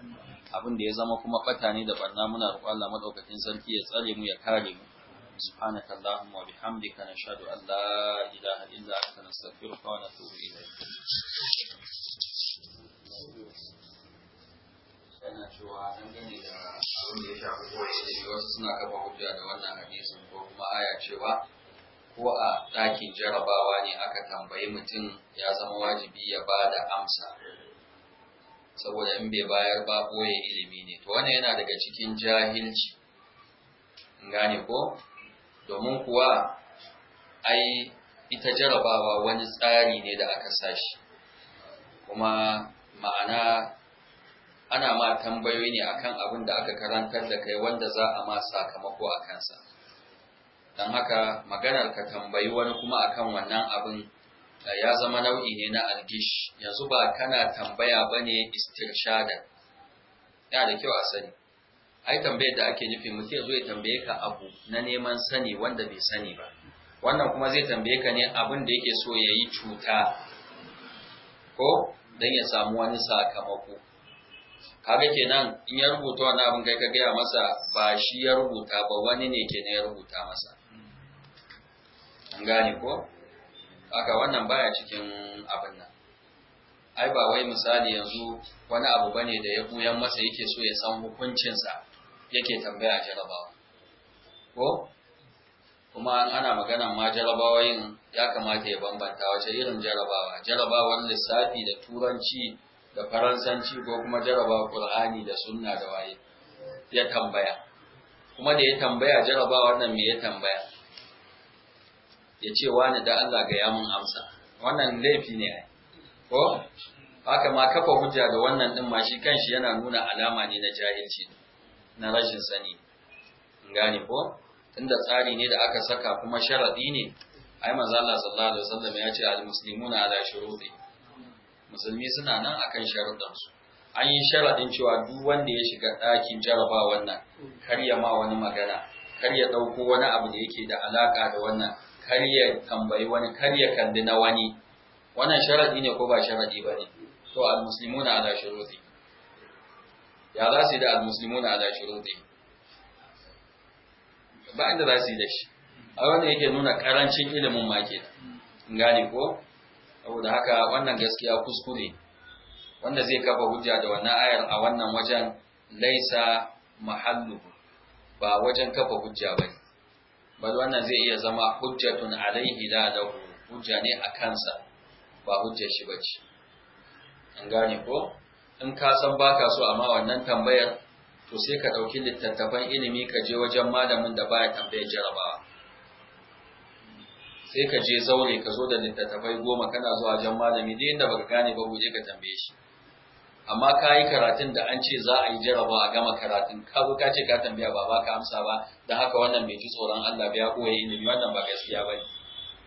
abin da ya zama kuma fata ne da barna muna roƙon Allah madaukakin sarki ya tsare mu ya kare mu سبحانك اللهم وبحمدك نشهد أن لا إله إلا أنت نستغفرك ونتوب إليك yana cewa an gani da abin da ya shafi koyi da wasu suna kafa hujja da wannan hadisin ko kuma aya cewa ko a ɗakin jarabawa ne aka tambayi mutum ya zama wajibi ya ba da amsa saboda in bai bayar ba ɓoye ilimi ne to wannan yana daga cikin jahilci gane ko domin kuwa ai ita jarabawa wani tsari ne da aka sashi kuma ma'ana ana ma tambayoyi ne akan abin da aka karantar da kai wanda za a ma sakamako a kansa don haka maganar ka tambayi wani kuma akan wannan abin eh, ya zama nau'i ne na algish yanzu ba kana tambaya ba ne istirshada. yana da kyau a sani ai tambayar da ake nufi mutum ya zo ya tambaye ka abu na neman sani wanda bai sani ba wannan kuma zai tambaye ka ne abin da yake so ya yi cuta ko don ya samu wani sakamako kaga kenan in ya rubuta wani abin kai ka gaya masa ba shi ya rubuta ba wani ne kenan ya rubuta masa an gane ko aka wannan baya cikin abin nan ai ba wai misali yanzu wani abu bane da ya buyan masa yake so ya san hukuncinsa yake tambaya jarabawa ko kuma ana maganan ma jarabawayin ya kamata ya bambanta wace irin jarabawa jarabawar lissafi da turanci da faransanci ko kuma jarabawar qur'ani da sunna da waye ya tambaya kuma da ya tambaya jarabawar nan me ya tambaya ya ce wani da Allah ga ya mun amsa wannan laifi ne ko haka ma kafa hujja da wannan din ma shi kanshi yana nuna alama ne na jahilci na rashin sani gane ko tunda tsari ne da aka saka kuma sharadi ne ai manzo Allah sallallahu alaihi wasallam ya ce al-muslimuna ala shuruti musulmi suna nan akan sharuɗan su an yi sharadin cewa duk wanda ya shiga ɗakin jaraba wannan kar ya ma wani magana kar ya dauko wani abu da yake da alaka da wannan kar ya tambayi wani kar ya kandi na wani wannan sharadi ne ko ba sharadi bane to al-muslimuna ala shuruti ya za su yi da al-muslimuna ala ba inda za su yi da shi a wanda yake nuna karancin ilimin ma ke gane ko saboda haka wannan gaskiya kuskure wanda zai kafa hujja da wannan ayar a wannan wajen laisa mahallu ba wajen kafa hujja ne? bal wannan zai iya zama hujjatun alaihi la da hujja ne a kansa ba hujjar shi bace an gane ko in ka san baka so amma wannan tambayar to sai ka ɗauki littattafan ilimi ka je wajen malamin da baya tambayar jarabawa sai ka je zaure ka zo da littattafai goma kana zuwa wajen malami da inda baka gane ba buɗe ka tambaye shi amma ka yi karatun da an ce za a yi jarabawa a gama karatun ka zo ka ce ka tambaya ba ba ka amsa ba da haka wannan bai ji tsoron Allah ba ya koyi ilimi wannan ba gaskiya ba ne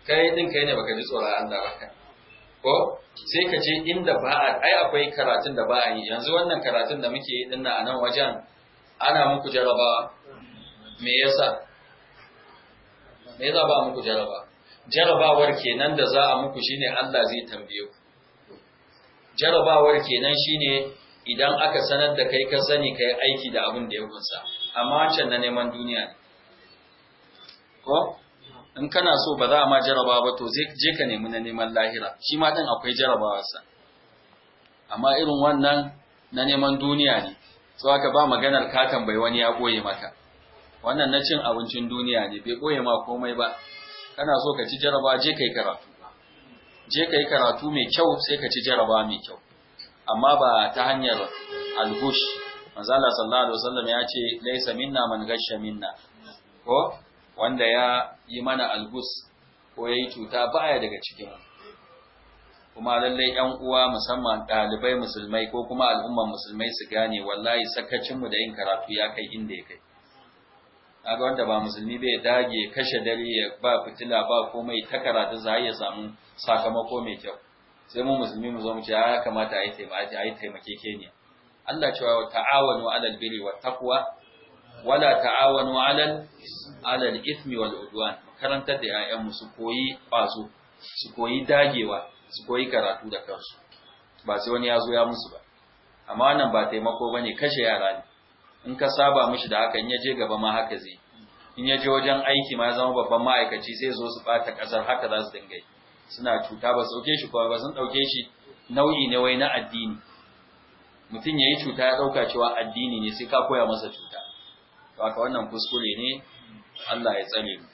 kai din kai ne baka ji tsoron Allah ba ko sai ka je inda ba a ai akwai karatun da ba a yi yanzu wannan karatun da muke yi dinna a nan wajen ana muku jaraba me yasa me yasa ba muku jaraba jarabawar kenan da za a muku shine Allah zai tambaye ku jarabawar kenan shine idan aka sanar da kai ka sani kai aiki da abin da ya kunsa amma wancan na neman duniya ko in kana so ba za a ma jarabawa ba to je ka nemi na neman lahira shi ma dan akwai sa amma irin wannan na neman duniya ne so haka ba maganar ka tambayi wani ya ɓoye maka wannan na cin abincin duniya ne bai ɓoye ma komai ba kana so ka ci jarabawa je ka yi karatu je ka yi karatu mai kyau sai ka ci jarabawa mai kyau amma ba ta hanyar algush manzala sallallahu alaihi wasallam ya ce laisa minna man gashsha minna ko wanda ya yi mana algus ko ya yi cuta baya daga cikin kuma lallai ‘yan uwa musamman ɗalibai musulmai ko kuma al'umman musulmai su gane wallahi sakacinmu da yin karatu ya kai inda ya kai kaga wanda ba musulmi bai dage kashe dare ya ba fitila ba komai ta karatu za ya samu sakamako mai kyau sai mu musulmi mu zo mu ce ah, ya kamata a yi taimake keniya Allah cewa ta'awanu alal birri wa taqwa wala ta'awanu 'alal 'alal ithmi wal udwan karantar da 'ya'yanmu su koyi ƙwazo, su koyi dagewa su koyi karatu da kansu ba sai wani ya zo ya musu ba amma wannan ba taimako bane kashe yara ne in ka saba mishi da haka in ya je gaba ma haka zai in ya je wajen aiki ma ya zama babban ma'aikaci sai zo su bata kasar haka za su dinga suna cuta ba su shi kuma ba sun dauke shi nau'i ne wai na addini mutum ya yi cuta ya ɗauka cewa addini ne sai ka koya masa cuta aka wannan kuskure ne Allah ya tsare mu